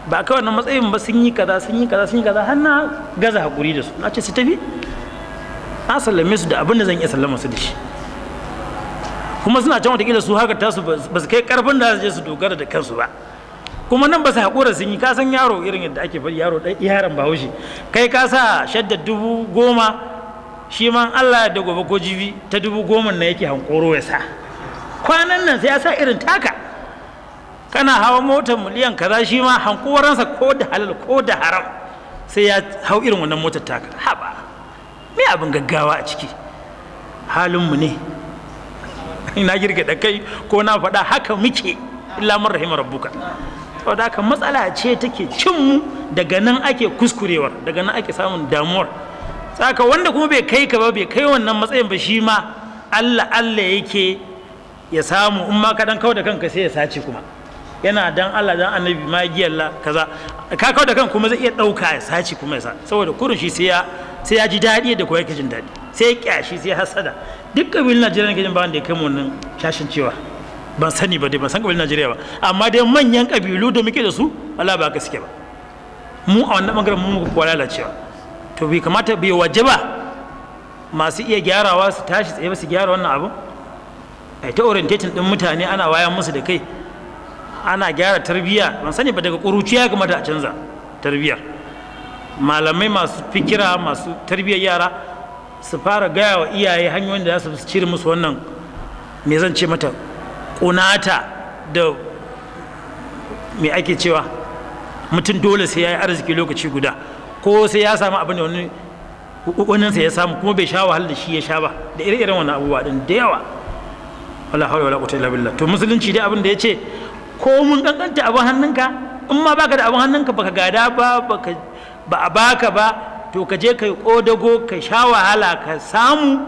ba kawai wannan matsayin ba sun yi kaza sun yi kaza sun yi kaza har na gaza haƙuri da su na ce su tafi na sallame su da abin da zan iya sallama su da shi kuma suna can watakila su haka tasu ba su kai karfin da su dogara da kansu ba kuma nan ba su haƙura sun yi kasan yaro irin yadda ake bari yaro ɗan yaron bahaushe kai ka sa shadda dubu goma shi ma Allah da gobe ko jibi ta dubu goma na yake hankoro ya sa kwanan nan sai ya sa irin taka kana hawa motar miliyan kaza shi ma hankuwaransa ko da halal ko da haram sai ya hau irin wannan motar taka haba me abin gaggawa a ciki halinmu ne <laughs> na girgada kai ko na faɗa haka muke lamar rahimar rabbuka saboda haka matsala ce take cinmu daga nan ake kuskurewar daga nan ake samun damuwar saka wanda kuma bai kai ka ba bai kai wannan matsayin ba shi ma allah allah yake ya samu in ma ka dan kawo da kanka sai ya sace kuma yana dan Allah dan annabi giya la kaza ka kawo da kan kuma zai iya ɗauka ya saci kuma ya sa saboda kurin shi sai ya sai ya ji daɗi da kowa yake jin daɗi sai ya kyashi sai ya hasada duk kabilan Najeriya ne jin ba wanda ya kai mu nan kyashin cewa ban sani ba dai ban san ƙabilun Najeriya ba amma dai manyan kabilu da muke da su Allah ba ka suke ba mu a wannan bangaren mu muka kuwa lalacewa to bai kamata bai waje ba masu iya gyarawa su tashi tsaye ba su gyara wannan abu ai ta orientation din mutane ana wayan musu da kai ana gyara tarbiyya ban sani ba daga ƙuruciya ya kamata a canza tarbiyyar malamai masu fikira masu tarbiyar yara su fara gaya wa iyaye hanyoyin da za su cire musu wannan me zan ce mata kunata da me ake cewa mutum dole sai ya yi arziki lokaci guda ko sai ya samu abin da wani ya samu kuma bai sha wahalar da shi ya sha ba da ire-iren wani abubuwa din da yawa wala hawa wala quwwata ila billah to musulunci dai abin da ya ce ko mun kankanta abin hannunka in ma baka da abin hannunka baka gada ba ba a baka ba to ka je ka yi ƙodago ka sha wahala ka samu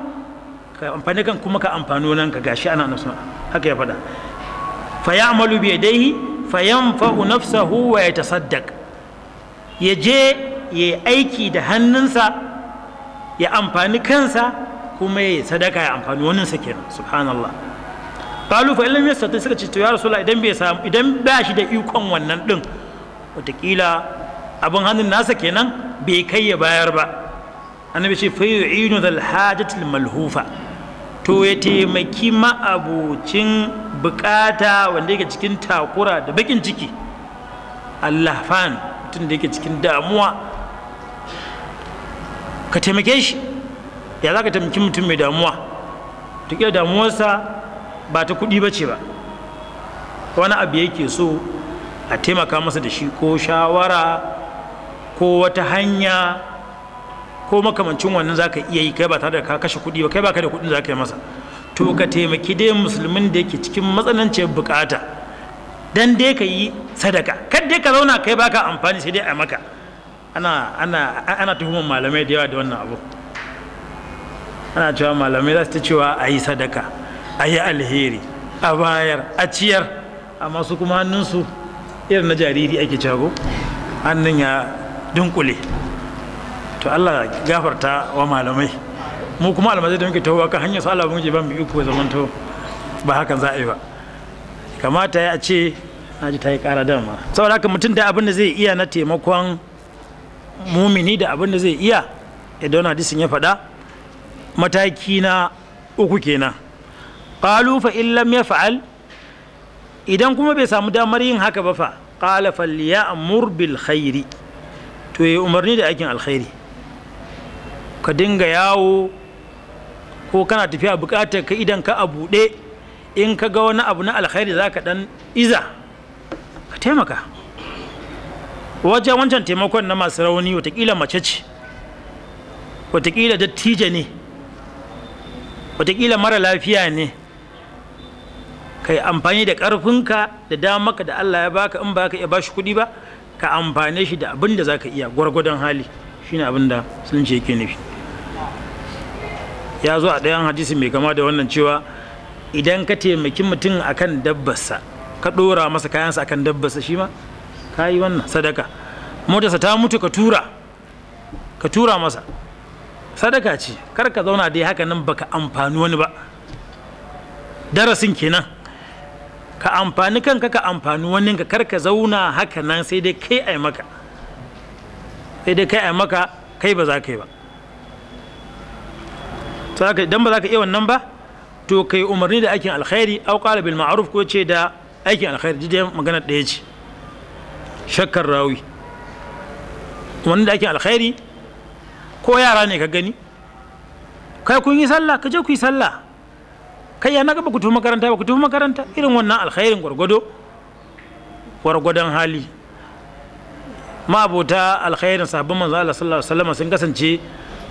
ka amfani kan kuma ka amfano nan ka gashi ana nasu haka ya faɗa fa ya ya'malu bi yi, fa yanfa'u nafsahu wa yatasaddaq ya je ya aiki da hannunsa ya amfani kansa kuma ya sadaka ya amfani sa kenan subhanallah kalu fa illam yastati suka ce to ya rasulullah idan bai samu idan ba shi da ikon wannan din watakila abin hannun nasa kenan bai kai ya bayar ba annabi ce fa yu'inu dhal hajatil malhufa to ya taimaki ma'abucin bukata wanda yake cikin takura da bakin ciki Allah fan mutum da yake cikin damuwa ka taimake shi ya za ka taimaki mutum mai damuwa ta damuwarsa ba ta kuɗi ba ce ba wani abu yake so a taimaka masa da shi ko shawara ko wata hanya ko makamancin wannan za ka iya yi kai ba tare da ka kashe kuɗi ba kai ba ka da kuɗin za ka yi masa to ka taimaki dai musulmin da yake cikin matsananciyar bukata dan dai ka yi sadaka kar dai ka zauna kai baka amfani sai dai a maka ana ana ana malamai da yawa da wannan abu ana cewa malamai za su ta cewa a yi sadaka a yi alheri a bayar a ciyar amma su kuma hannunsu irin na jariri ake cago hannun ya dunkule to Allah gafarta wa malamai mu kuma almajiri da muke tahowa ka hanyar su Allah mun ba mu iko to ba hakan za a yi ba kamata ya ce na ji ta yi ƙara dama saboda haka mutum da abin da zai iya na taimakon mumini da abin da zai iya idan disin ya faɗa mataki na uku kenan qalu fa in fa'al idan kuma bai samu damar yin haka ba fa qala a bil khairi to yi umarni da aikin alkhairi ka dinga yawo ko kana tafiya bukatar ka idan ka a buɗe in ka ga wani abu na alkhairi za ka ɗan iza ka taimaka wajen wancan taimakon na masu rauni watakila mace ce watakila dattija ne watakila mara lafiya ne ka yi amfani da ƙarfinka da damaka da Allah ya baka in ba ka iya bashi kuɗi ba ka amfane shi da abin da za ka iya gwargwadon hali shine abin da ce yake nufi ya zo a ɗayan hadisi mai kama da wannan cewa idan ka taimaki mutum akan dabbarsa ka ɗora masa kayansa akan dabbarsa shi ma ka yi wannan sadaka motarsa ta mutu ka tura ka tura masa sadaka ce kar ka zauna dai haka nan baka amfani wani ba darasin kenan ka amfani kanka ka amfani wani ka kar ka zauna haka nan sai dai kai a maka sai dai kai a maka kai ba za ka yi ba saka idan ba za ka iya wannan ba to kai umarni da aikin alkhairi au qala bil ma'ruf ko ce da aikin alkhairi dai magana da ce shakkar rawi umarni da aikin alkhairi ko yara ne ka gani kai kun yi sallah ka je ku yi sallah kai ya naga baku tafi makaranta baku tafi makaranta irin wannan alkhairin gwargwado gwargwadon hali abota alkhairin sabbin manzo Allah sallallahu alaihi wasallam sun kasance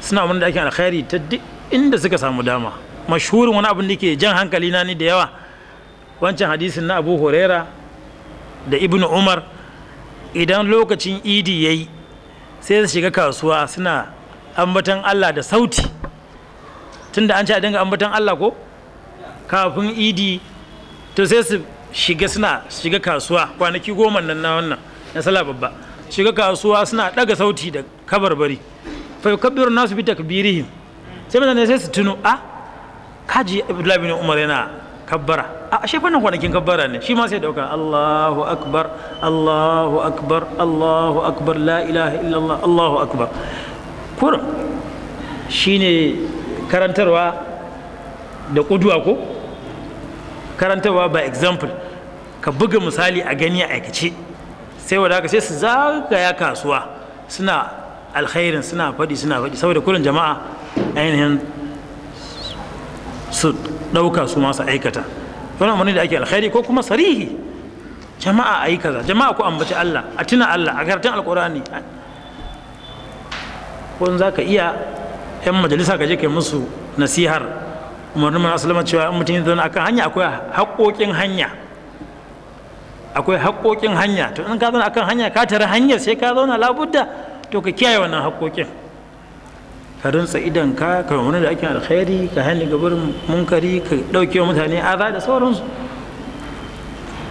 suna mun da ake alkhairi ta duk inda suka samu dama mashhurin wani abin da ke jan hankali na ni da yawa wancan hadisin na Abu Huraira da Ibn Umar idan lokacin Idi yayi sai su shiga kasuwa suna ambatan Allah da sauti tunda an ce a dinga ambatan Allah ko kafin idi to sai su shiga suna shiga kasuwa kwanaki goma nan na wannan na sala babba shiga kasuwa suna daga sauti da kabarbari fa yukabbiru nasu bi takbirihi sai mutane sai su tuno a ah, kaji abdullahi bin umar yana kabbara a ah, ashe fannin kwanakin kabbara ne shi ma sai dauka Allahu akbar Allahu akbar Allahu akbar la ilaha illallah Allahu akbar kurum shine karantarwa da kuduwa ko karantarwa ba example ka buga misali a gani a aikace sai wadaka sai su zagaya kasuwa suna alkhairin suna faɗi suna faɗi saboda kurin jama'a ainihin su ɗauka su masu aikata wani amurni da ake alkhairi ko kuma sarihi jama'a a yi kaza jama'a ku ambaci Allah a tuna Allah a karatun alkurani ko za ka iya 'yan majalisa ka je yi musu nasihar umarnin mana asalama cewa in mutum yanzu akan hanya akwai haƙoƙin hanya akwai haƙoƙin hanya to in ka zauna akan hanya ka tare hanyar sai ka zauna labudda to ka kiyaye wannan haƙoƙin ka rinsa idan ka ka wani da ake alkhairi ka hanyar gabar munkari ka ɗauke wa mutane aza da sauransu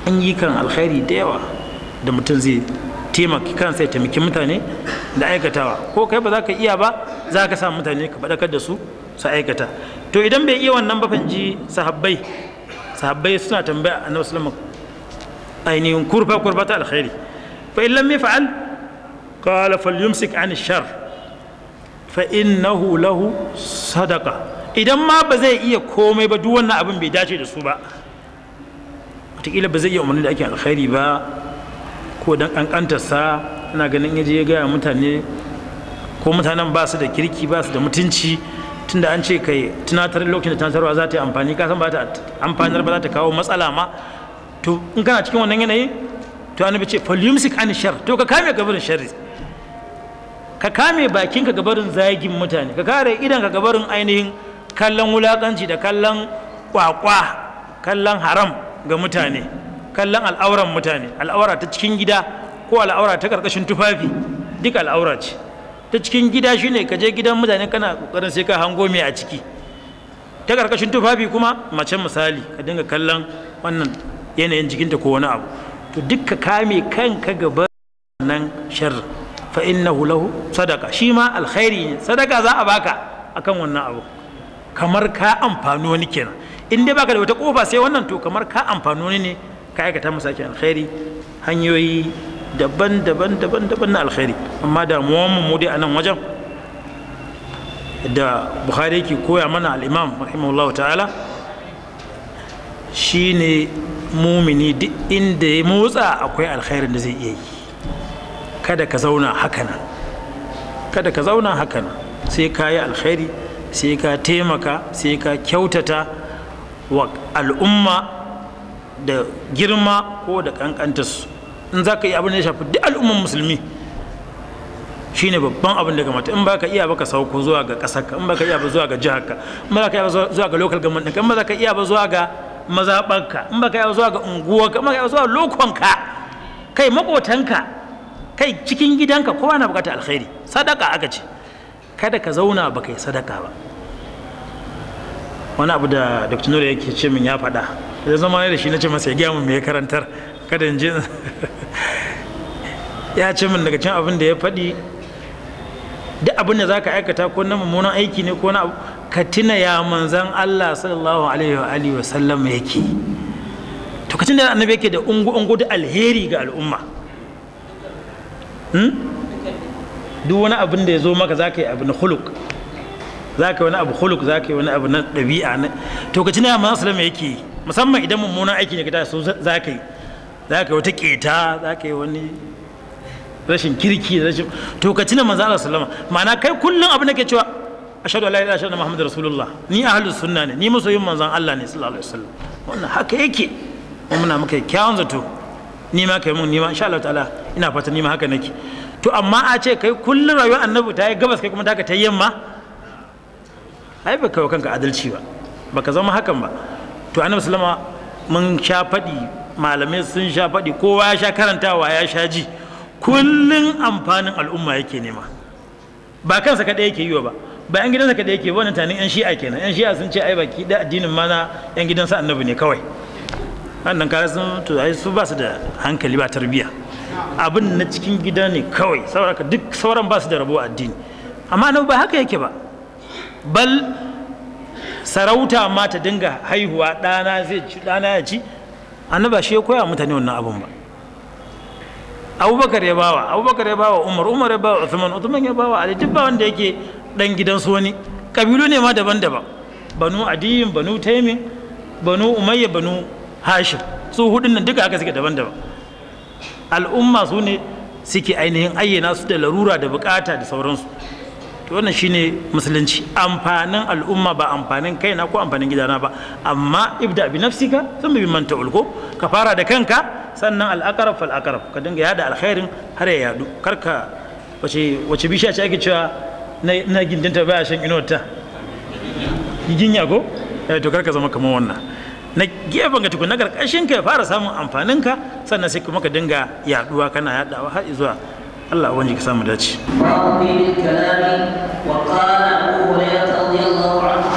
an yi kan alkhairi da yawa da mutum zai taimaki kansa ya taimaki mutane da aikatawa ko kai ba za ka iya ba za ka sa mutane ka faɗakar da su su aikata to idan bai iya wannan ba fanji sahabbai sahabbai suna tambaya a sallallahu ainihin kurfa kurfa ta alkhairi fa in lam yaf'al qala falyumsik an shar fa innahu lahu sadaqa idan ma ba zai iya komai ba duk wannan abin bai dace da su ba wataƙila ba zai iya umarni da ake alkhairi ba ko dan sa, ana ganin yaje ya gaya mutane ko mutanen ba su da kirki ba su da mutunci tunda an ce kai tunatar lokacin da tunatarwa za ta yi amfani ka san ba ta amfanar ba za ta kawo matsala ma to in kana cikin wannan yanayi to annabi ce falyumsik an shar to ka kame gabarin sharri ka kame bakinka gabarin zagin mutane ka kare idan ka gabarin ainihin kallon wulakanci da kallon kwakwa kallon haram ga mutane kallon al'auran mutane al'aura ta cikin gida ko al'aura ta karkashin tufafi duk al'aura ce ta cikin gida shi ne ka je gidan mutane kana ƙoƙarin sai ka hango mai a ciki ta karkashin tufafi kuma mace misali ka dinga kallon wannan yanayin jikinta ko wani abu to dukka kame kanka gaba nan shar fa innahu lahu sadaka shi ma alkhairi ne sadaka za a baka akan wannan abu kamar ka amfano wani kenan in dai baka da wata kofa sai wannan to kamar ka amfano ne ka aikata masa alkhairi hanyoyi daban daban daban daban na alkhairi amma da mu mu dai a nan wajen da buhari yake koya mana al'imam rahimahullahu ta'ala ne mumini duk inda ya motsa akwai alkhairin da zai iya yi kada ka zauna hakanan kada ka zauna hakanan sai ka yi alkhairi sai ka taimaka sai ka kyautata wa al'umma da girma ko da kankantarsu in za ka yi abin da ya shafi duk al'umman musulmi shine babban abin da mata in ba ka iya ba ka sauko zuwa ga ƙasarka in ba ka iya ba zuwa ga jiharka in ba ka iya ba zuwa ga local government ɗinka in ba ka iya ba zuwa ga mazaɓarka in ba ka iya ba zuwa ga unguwarka in ba ka iya ba zuwa lokonka kai maƙotanka kai cikin gidanka kowa na buƙatar alkhairi sadaka aka ce kada ka zauna ba yi sadaka ba wani abu da dr nura yake ce min ya faɗa da zama ne da shi na ce masa ya gaya mu me ya karantar kada in ji ya ce min daga cin abin da ya faɗi duk abin da za ka aikata ko na mummunan aiki ne ko na ka tuna ya manzan Allah sallallahu alaihi wa alihi wa sallam yake to kacin da annabi yake da ungu ungu da alheri ga al'umma hmm? duk wani abin da ya zo maka za ka yi abu na huluk za ka yi wani abu huluk za ka yi wani abu na ɗabi'a to kacin da manzan sallam yake musamman idan mummunan aiki ne ka so za ka yi za ka yi wata keta za ka yi wani rashin kirki da rashin to ka cina manzo Allah sallama ma'ana kai kullum abin da ke cewa ashhadu an la ilaha illallah muhammadur rasulullah ni ahlus sunna ne ni masoyin manzon Allah ne sallallahu alaihi wasallam wannan haka yake mu muna muka kyawun zato ni ma kai mun ni ma insha Allah ta'ala ina fata ni ma haka nake to amma a ce kai kullum rayuwar annabi ta yi gabas kai kuma taka ta yamma ai baka kanka adalci ba baka zama hakan ba to annabi sallama mun sha faɗi malamai sun sha faɗi kowa ya sha karantawa ya sha ji kullum amfanin al'umma yake nema ba kansa kaɗai yake yiwa ba ba yan gidansa kaɗai yake wani tanin yan shi'a kenan yan shi'a sun ce ai baki da addinin ma na yan gidansa annabi ne kawai wannan kare sun to ai su ba su da hankali ba tarbiyya abin na cikin gida ne kawai saboda duk sauran ba su da rabo addini amma na ba haka yake ba bal sarauta ma ta dinga haihuwa ɗana zai ci ɗana ya ci annaba shi ya koya mutane wannan abun ba abubakar ya bawa abubakar ya bawa umar umar ya bawa uthman uthman ya bawa ali duk ba wanda yake dan gidan su wani kabilu ne ma daban-daban banu adiyin banu taimin banu umayya banu hashim su hudun nan duka aka suke daban-daban al'umma su ne suke ainihin ayyana su da larura da bukata da sauransu to wannan shine musulunci amfanin al'umma ba amfanin kaina ko amfanin gidana ba amma ibda bi nafsika sun bi man ta'ulko ka fara da kanka sannan al'akarab fal aqrab ka dinga yada alkhairin har ya yadu karka wace wace bishiya ce ake cewa na gindinta baya shan inuwarta ginya ko eh, to karka zama kamar wannan na gefen ka tukun na karkashin ka ya fara samun amfanin ka sannan sai kuma ka dinga yaduwa kana yadawa har zuwa Allah wani ka samu dace. Babu bin kalami wa qala Abu Hurairah radiyallahu anhu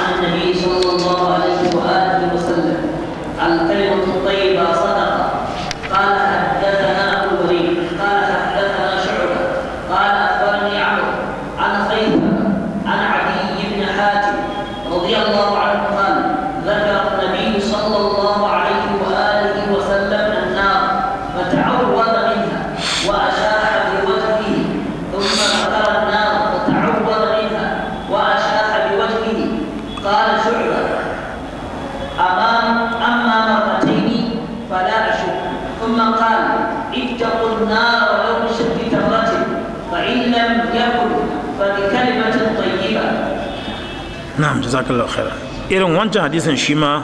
jazakallahu khaira irin wancan hadisin shi ma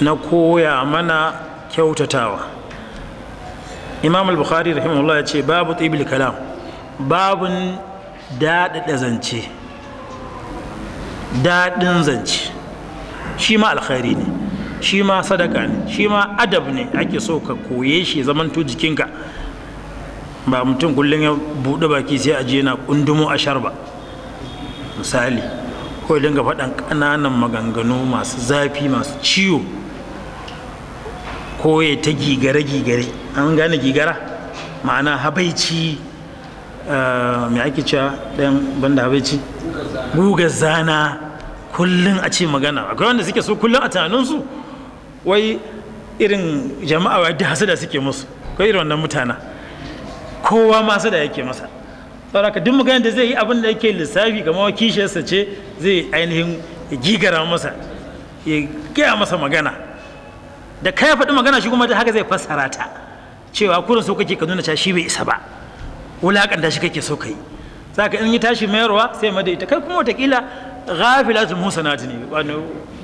na koya mana kyautatawa imam al-bukhari rahimahullah ya ce babu tsibil kalam babun daɗaɗa zance daɗin zance shi ma alkhairi ne shi ma sadaka ne shi ma adab ne ake so ka koye shi zamanto jikinka ba mutum kullum ya buɗe baki sai a je yana kundumo a sharba misali kawai dinga faɗan ƙananan maganganu masu zafi masu ciwo ko ya ta gigare-gigare an gane gigara ma'ana habaici eh, mai ake cewa ɗan banda habaici guga zana kullum a ce magana akwai wanda suke so kullum a tunaninsu wai irin jama'a da hasada suke musu ko irin wannan mutana kowa ma hasada yake masa saboda duk magana da zai yi abin da yake lissafi kamar kishiyarsa ce zai ainihin gigara masa ya gaya masa magana da ka ya faɗi magana shi kuma haka zai fassara ta cewa kurin so kake ka nuna cewa shi bai isa ba wulaƙanta shi kake so kai za in yi tashi mayarwa sai mada ita kai kuma watakila ghafilatu musanati ne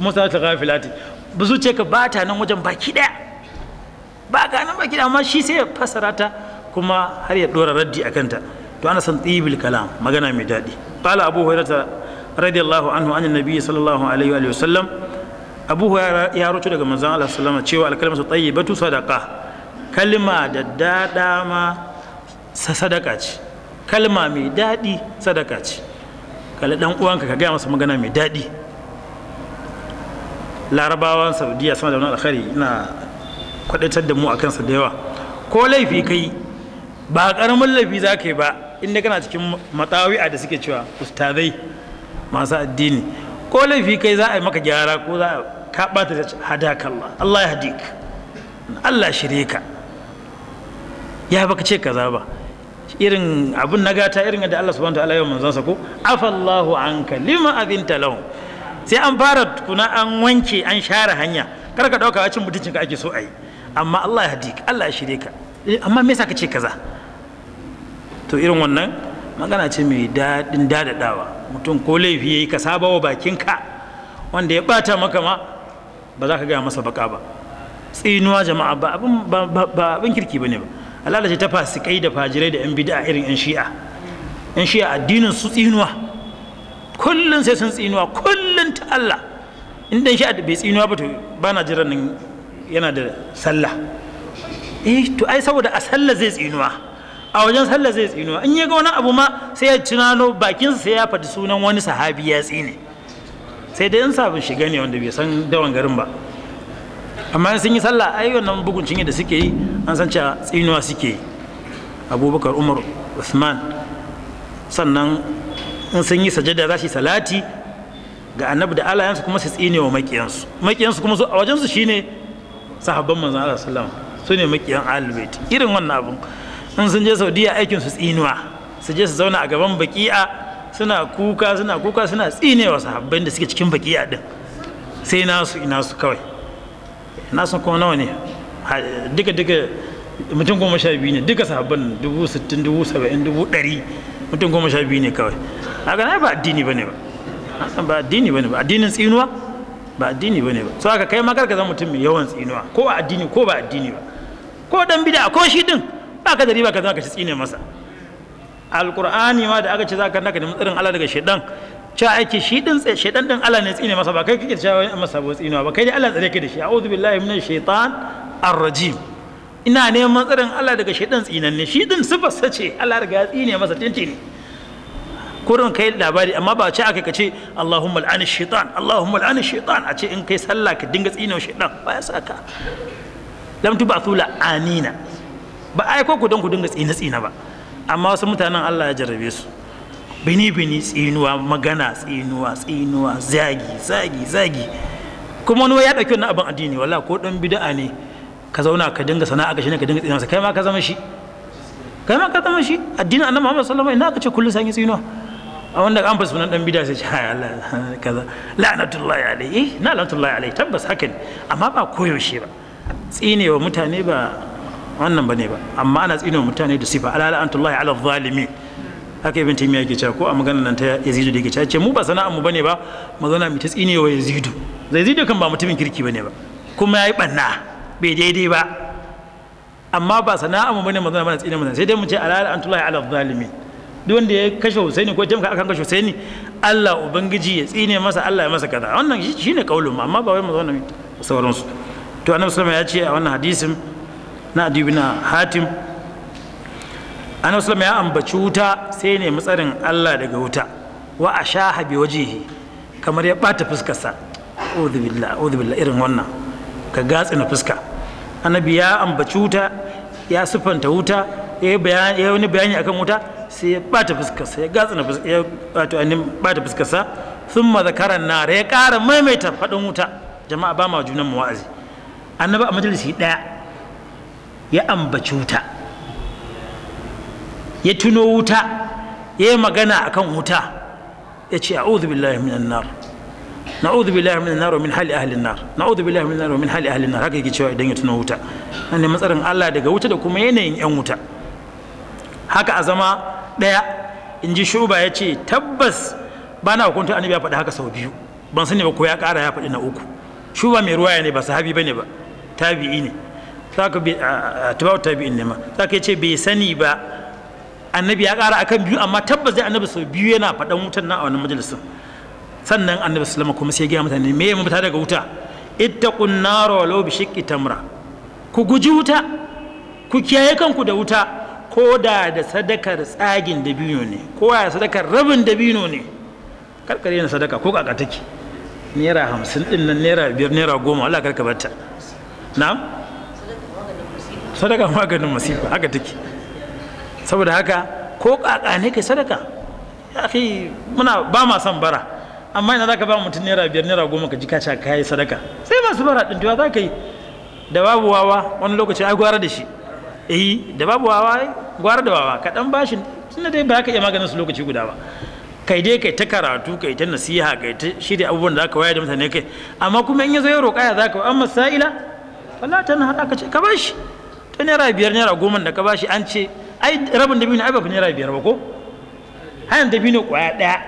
musanati ghafilati ba ce ka ba ta nan wajen baki ɗaya ba ka nan baki ɗaya amma shi sai ya fassara ta kuma har ya ɗora raddi a kanta to ana san tsibil kalam magana mai daɗi qala abu hurairata radiyallahu anhu an annabi sallallahu alaihi wa sallam abu ya roto daga manzon Allah sallallahu alaihi wa sallam cewa tayyibatu sadaqa kalma da dada ma sadaka ce kalma mai daɗi sadaka ce kala dan uwanka ka gaya masa magana mai daɗi larabawan saudiya sama da wani alkhari ina kwadatar da mu a kansa da yawa ko laifi kai ba ƙaramin laifi za ka yi ba inda kana cikin matsawi'a da suke cewa ustazai masu addini ko laifi kai za a yi maka gyara ko za a ka ta da hadaka Allah ya ya ka Allah shirye ka ya baka ce kaza ba irin abun na gata irin da Allah subhanahu wa ta'ala ya manzon sa ko afallahu anka lima abin talau sai an fara tukuna an wanke an share hanya kar ka dauka cin mutuncin ka ake so a yi amma Allah ya ka Allah ya shirye ka eh, amma me yasa ka ce kaza to irin wannan magana ce mai daɗin dadadawa mutum ko laifi yayi ka saba wa bakinka wanda ya bata maka ma ba za ka gaya masa baka ba tsinuwa jama'a ba abin ba abin kirki bane ba alalace ta fasikai da fajirai da yan bid'a irin yan shi'a yan shi'a addinin su tsinuwa kullun sai sun tsinuwa kullun ta Allah in dan shi'a bai tsinuwa ba to bana jiran nan yana da sallah eh to ai saboda a sallah zai tsinuwa a wajen sallah zai tsino in ya ga wani abu ma sai ya cinano bakinsa sai ya faɗi sunan wani sahabi ya tsine sai dai in sabon shiga ne wanda bai san dawan garin ba amma sun yi sallah ai wannan bugun cinye da suke yi an san cewa tsinuwa suke yi abubakar umar usman sannan in sun yi sajada za su yi salati ga annabi da alayansu kuma su tsine wa makiyansu makiyansu kuma a wajensu shine sahabban manzan Allah sallallahu su ne makiyan alibaiti irin wannan abin in sun je saudiya aikin su tsinuwa su je su zauna a gaban baki'a suna kuka suna kuka suna tsinewa sahabbai da suke cikin baki'a din sai nasu ina su kawai nasu kuma nawa ne duka duka mutum goma sha biyu ne duka sahabban dubu sittin dubu saba'in dubu ɗari mutum goma sha biyu ne kawai a gana ba addini ne ba ba addini ne ba addinin tsinuwa ba addini ba ne ba so aka kai ma karka zama mutum mai yawan tsinuwa ko a addini ko ba addini ba ko dan bid'a ko shi din ba ka da riba ka zama ka ci tsine masa alkur'ani ma da aka ce za ka naka nemi tsirin Allah daga shaidan cewa aiki shi din shaidan din Allah ne tsine masa ba kai kake cewa masa ba tsinewa ba kai dai Allah tsare ka da shi a'udhu billahi minash shaitan ar-rajim ina neman tsirin Allah daga shaidan tsinanne shi din sifar sace Allah riga ya tsine masa tintini kurin kai labari amma ba ce aka kace Allahumma al'ani shaitan Allahumma al'ani shaitan a ce in kai sallah ka dinga tsinewa shaidan ba ya saka lam tubathu la anina ba ai ko ku don ku dinga tsina tsina ba amma wasu mutanen Allah ya jarrabe su bini bini tsinuwa magana tsinuwa tsinuwa zagi zagi zagi kuma wani ya dauki wannan abin addini wallahi ko dan bid'a ne ka zauna ka dinga sana'a ka shine ka dinga tsinuwa kai ma ka zama shi kai ma ka zama shi addinin annabi Muhammad sallallahu alaihi wasallam ina ka ce kullu sanyi tsinuwa a wanda an fasu nan dan bid'a sai ya Allah <laughs> kaza la'natullahi alaihi eh, na la'natullahi alaihi tabbas hakan amma ba koyaushe ba tsinewa mutane ba wannan ba ne ba amma ana tsino mutane da sifa ala la'antullahi ala zalimi haka ibn taymiya yake cewa ko a maganar nan ta yazidu da yake cewa ce mu ba sana'ar mu bane ba magana mai ta tsine wa yazidu yazidu kan ba mutumin kirki bane ba kuma yayi banna bai daidai ba amma ba sana'ar mu bane magana mana tsine mu sai dai mu ce ala la'antullahi ala zalimi duk wanda ya kashe Husaini ko jamka akan kashe Husaini Allah ubangiji ya tsine masa Allah ya masa kaza wannan shine kaulun amma ba wai mu zauna mu sauransu to annabi sallallahu alaihi wasallam ya ce a wannan hadisin na adi hatim an sallallahu ya ambaci wuta sai ne matsarin Allah daga wuta wa sha habi wajihi kamar ya bata fuskarsa a'udhu billahi irin wannan ka gatsi na fuska annabi ya ambaci wuta ya sufanta wuta ya yi wani bayani akan wuta sai ya bata fuskarsa ya gatsi na fuska ya bata fuskarsa thumma zakara nara ya kara maimaita faɗin wuta jama'a ba ma junan mu wa'azi annabi a majalisi daya ya ambaci wuta ya tuno wuta ya yi magana kan wuta ya ce a'udhu billahi minan nar na'udhu billahi minan nar wa min hali ahlin nar na'udhu billahi minan nar wa min hali ahlin nar haka yake cewa idan ya tuno wuta nan ne matsarin Allah daga wuta da kuma yanayin yan wuta haka a zama daya in ji shuba ya ce tabbas ba na hukunta annabi ya faɗi haka sau biyu ban sani ba ko ya ƙara ya faɗi na uku shuba mai ruwaya ne ba sahabi bane ba tabi'i ne za ka tabawa ta ne ma za ka ce bai sani ba annabi ya ƙara akan biyu amma tabbas dai annabi sau biyu yana faɗan wutan nan a wannan majalisin sannan annabi sallama kuma sai ya gaya mutane me ya mafita daga wuta ittaqun nar wa bi shiqqi tamra ku guji wuta ku kiyaye kanku da wuta ko da da sadakar tsagin dabino ne ko da sadakar rabin dabino ne karkare na sadaka ko kaka take naira hamsin din nan naira biyar naira goma Allah karka batta na'am sadaka maganin masifa haka take saboda haka ko kaka ne kai sadaka ya fi muna ba ma son bara amma ina zaka ba mutum naira biyar naira goma ka ji kaca ka yi sadaka sai masu bara din za zaka yi da babu wawa wani lokaci ai gwara da shi eh da babu wawa gwara da wawa ka dan bashi tunda dai ba ka iya maganin su lokaci guda ba kai dai kai ta karatu kai ta nasiha kai ta shirya abubuwan da aka wayar da mutane kai amma kuma in ya zo ya roƙa ya zaka amma sa'ila wala tana haɗa ka ce ka bashi to naira biyar naira goma da ka bashi an ce ai rabin dabino ai ba fi naira biyar ba ko hayan dabino kwaya ɗaya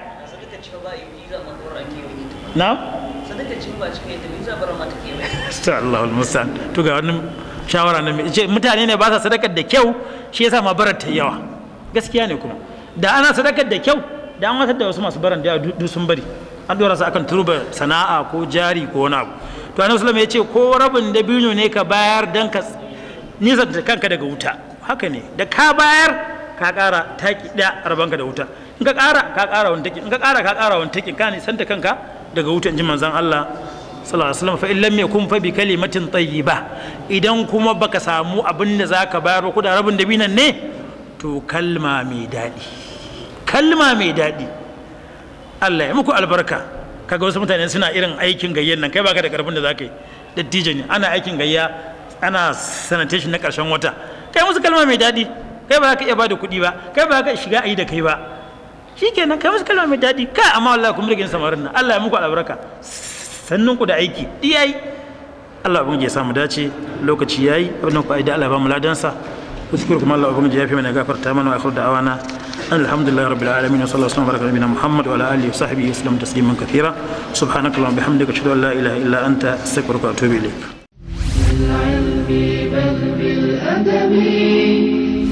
na Allah almustan to ga wannan shawara na ce mutane ne ba sa sadakar da kyau shi yasa ma barar ta yawa gaskiya ne kuma da ana sadakar da kyau da an watar da wasu masu baran da duk sun bari an dora su akan turba sana'a ko jari ko wani abu to annabi sallallahu alaihi wasallam ya ce ko rabin dabino ne ka bayar dan ka da kanka daga wuta haka ne da ka bayar ka ƙara taki ɗaya rabanka da wuta in ka ƙara ka ƙara wani takin in ka ƙara ka ƙara wani takin ka nisanta kanka daga wuta in manzon Allah sallallahu alaihi wasallam fa illam yakun fa bi kalimatin tayyiba idan kuma baka samu abin da zaka bayar ba da rabin nan ne to kalma mai daɗi kalma mai daɗi Allah ya muku albarka kaga wasu mutane suna irin aikin gayyan nan kai baka da karfin da zaka yi dattijo ne ana aikin gayya ana sanitation na ƙarshen wata kai musu kalma mai daɗi kai ba ka iya ba da kuɗi ba kai ba ka shiga a yi da kai ba shi kenan kai musu kalma mai daɗi kai amma wallahi kun rage samarin nan Allah ya muku albarka sannun ku da aiki diyai Allah ubangiji ya samu dace lokaci yayi abin ku aida Allah ba mu ladansa أذكركم الله وبنجي في من غفر تماما وآخر da awana الحمد لله رب العالمين وصلى الله وسلم وبارك على نبينا محمد وعلى آله وصحبه وسلم تسليما كثيرا سبحانك اللهم وبحمدك أشهد أن لا إله إلا أنت أستغفرك وأتوب إليك بالعلم بل بالأدب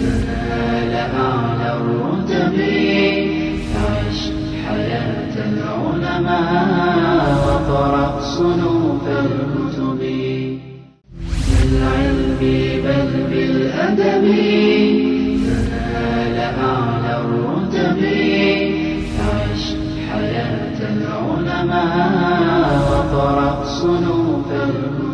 تنال أعلى الرتب عش حياة العلماء وقرأ صنوف الكتب بالعلم بل بالأدب تنال أعلى الرتب عش حياة العلماء وقرأ صنوف الكتب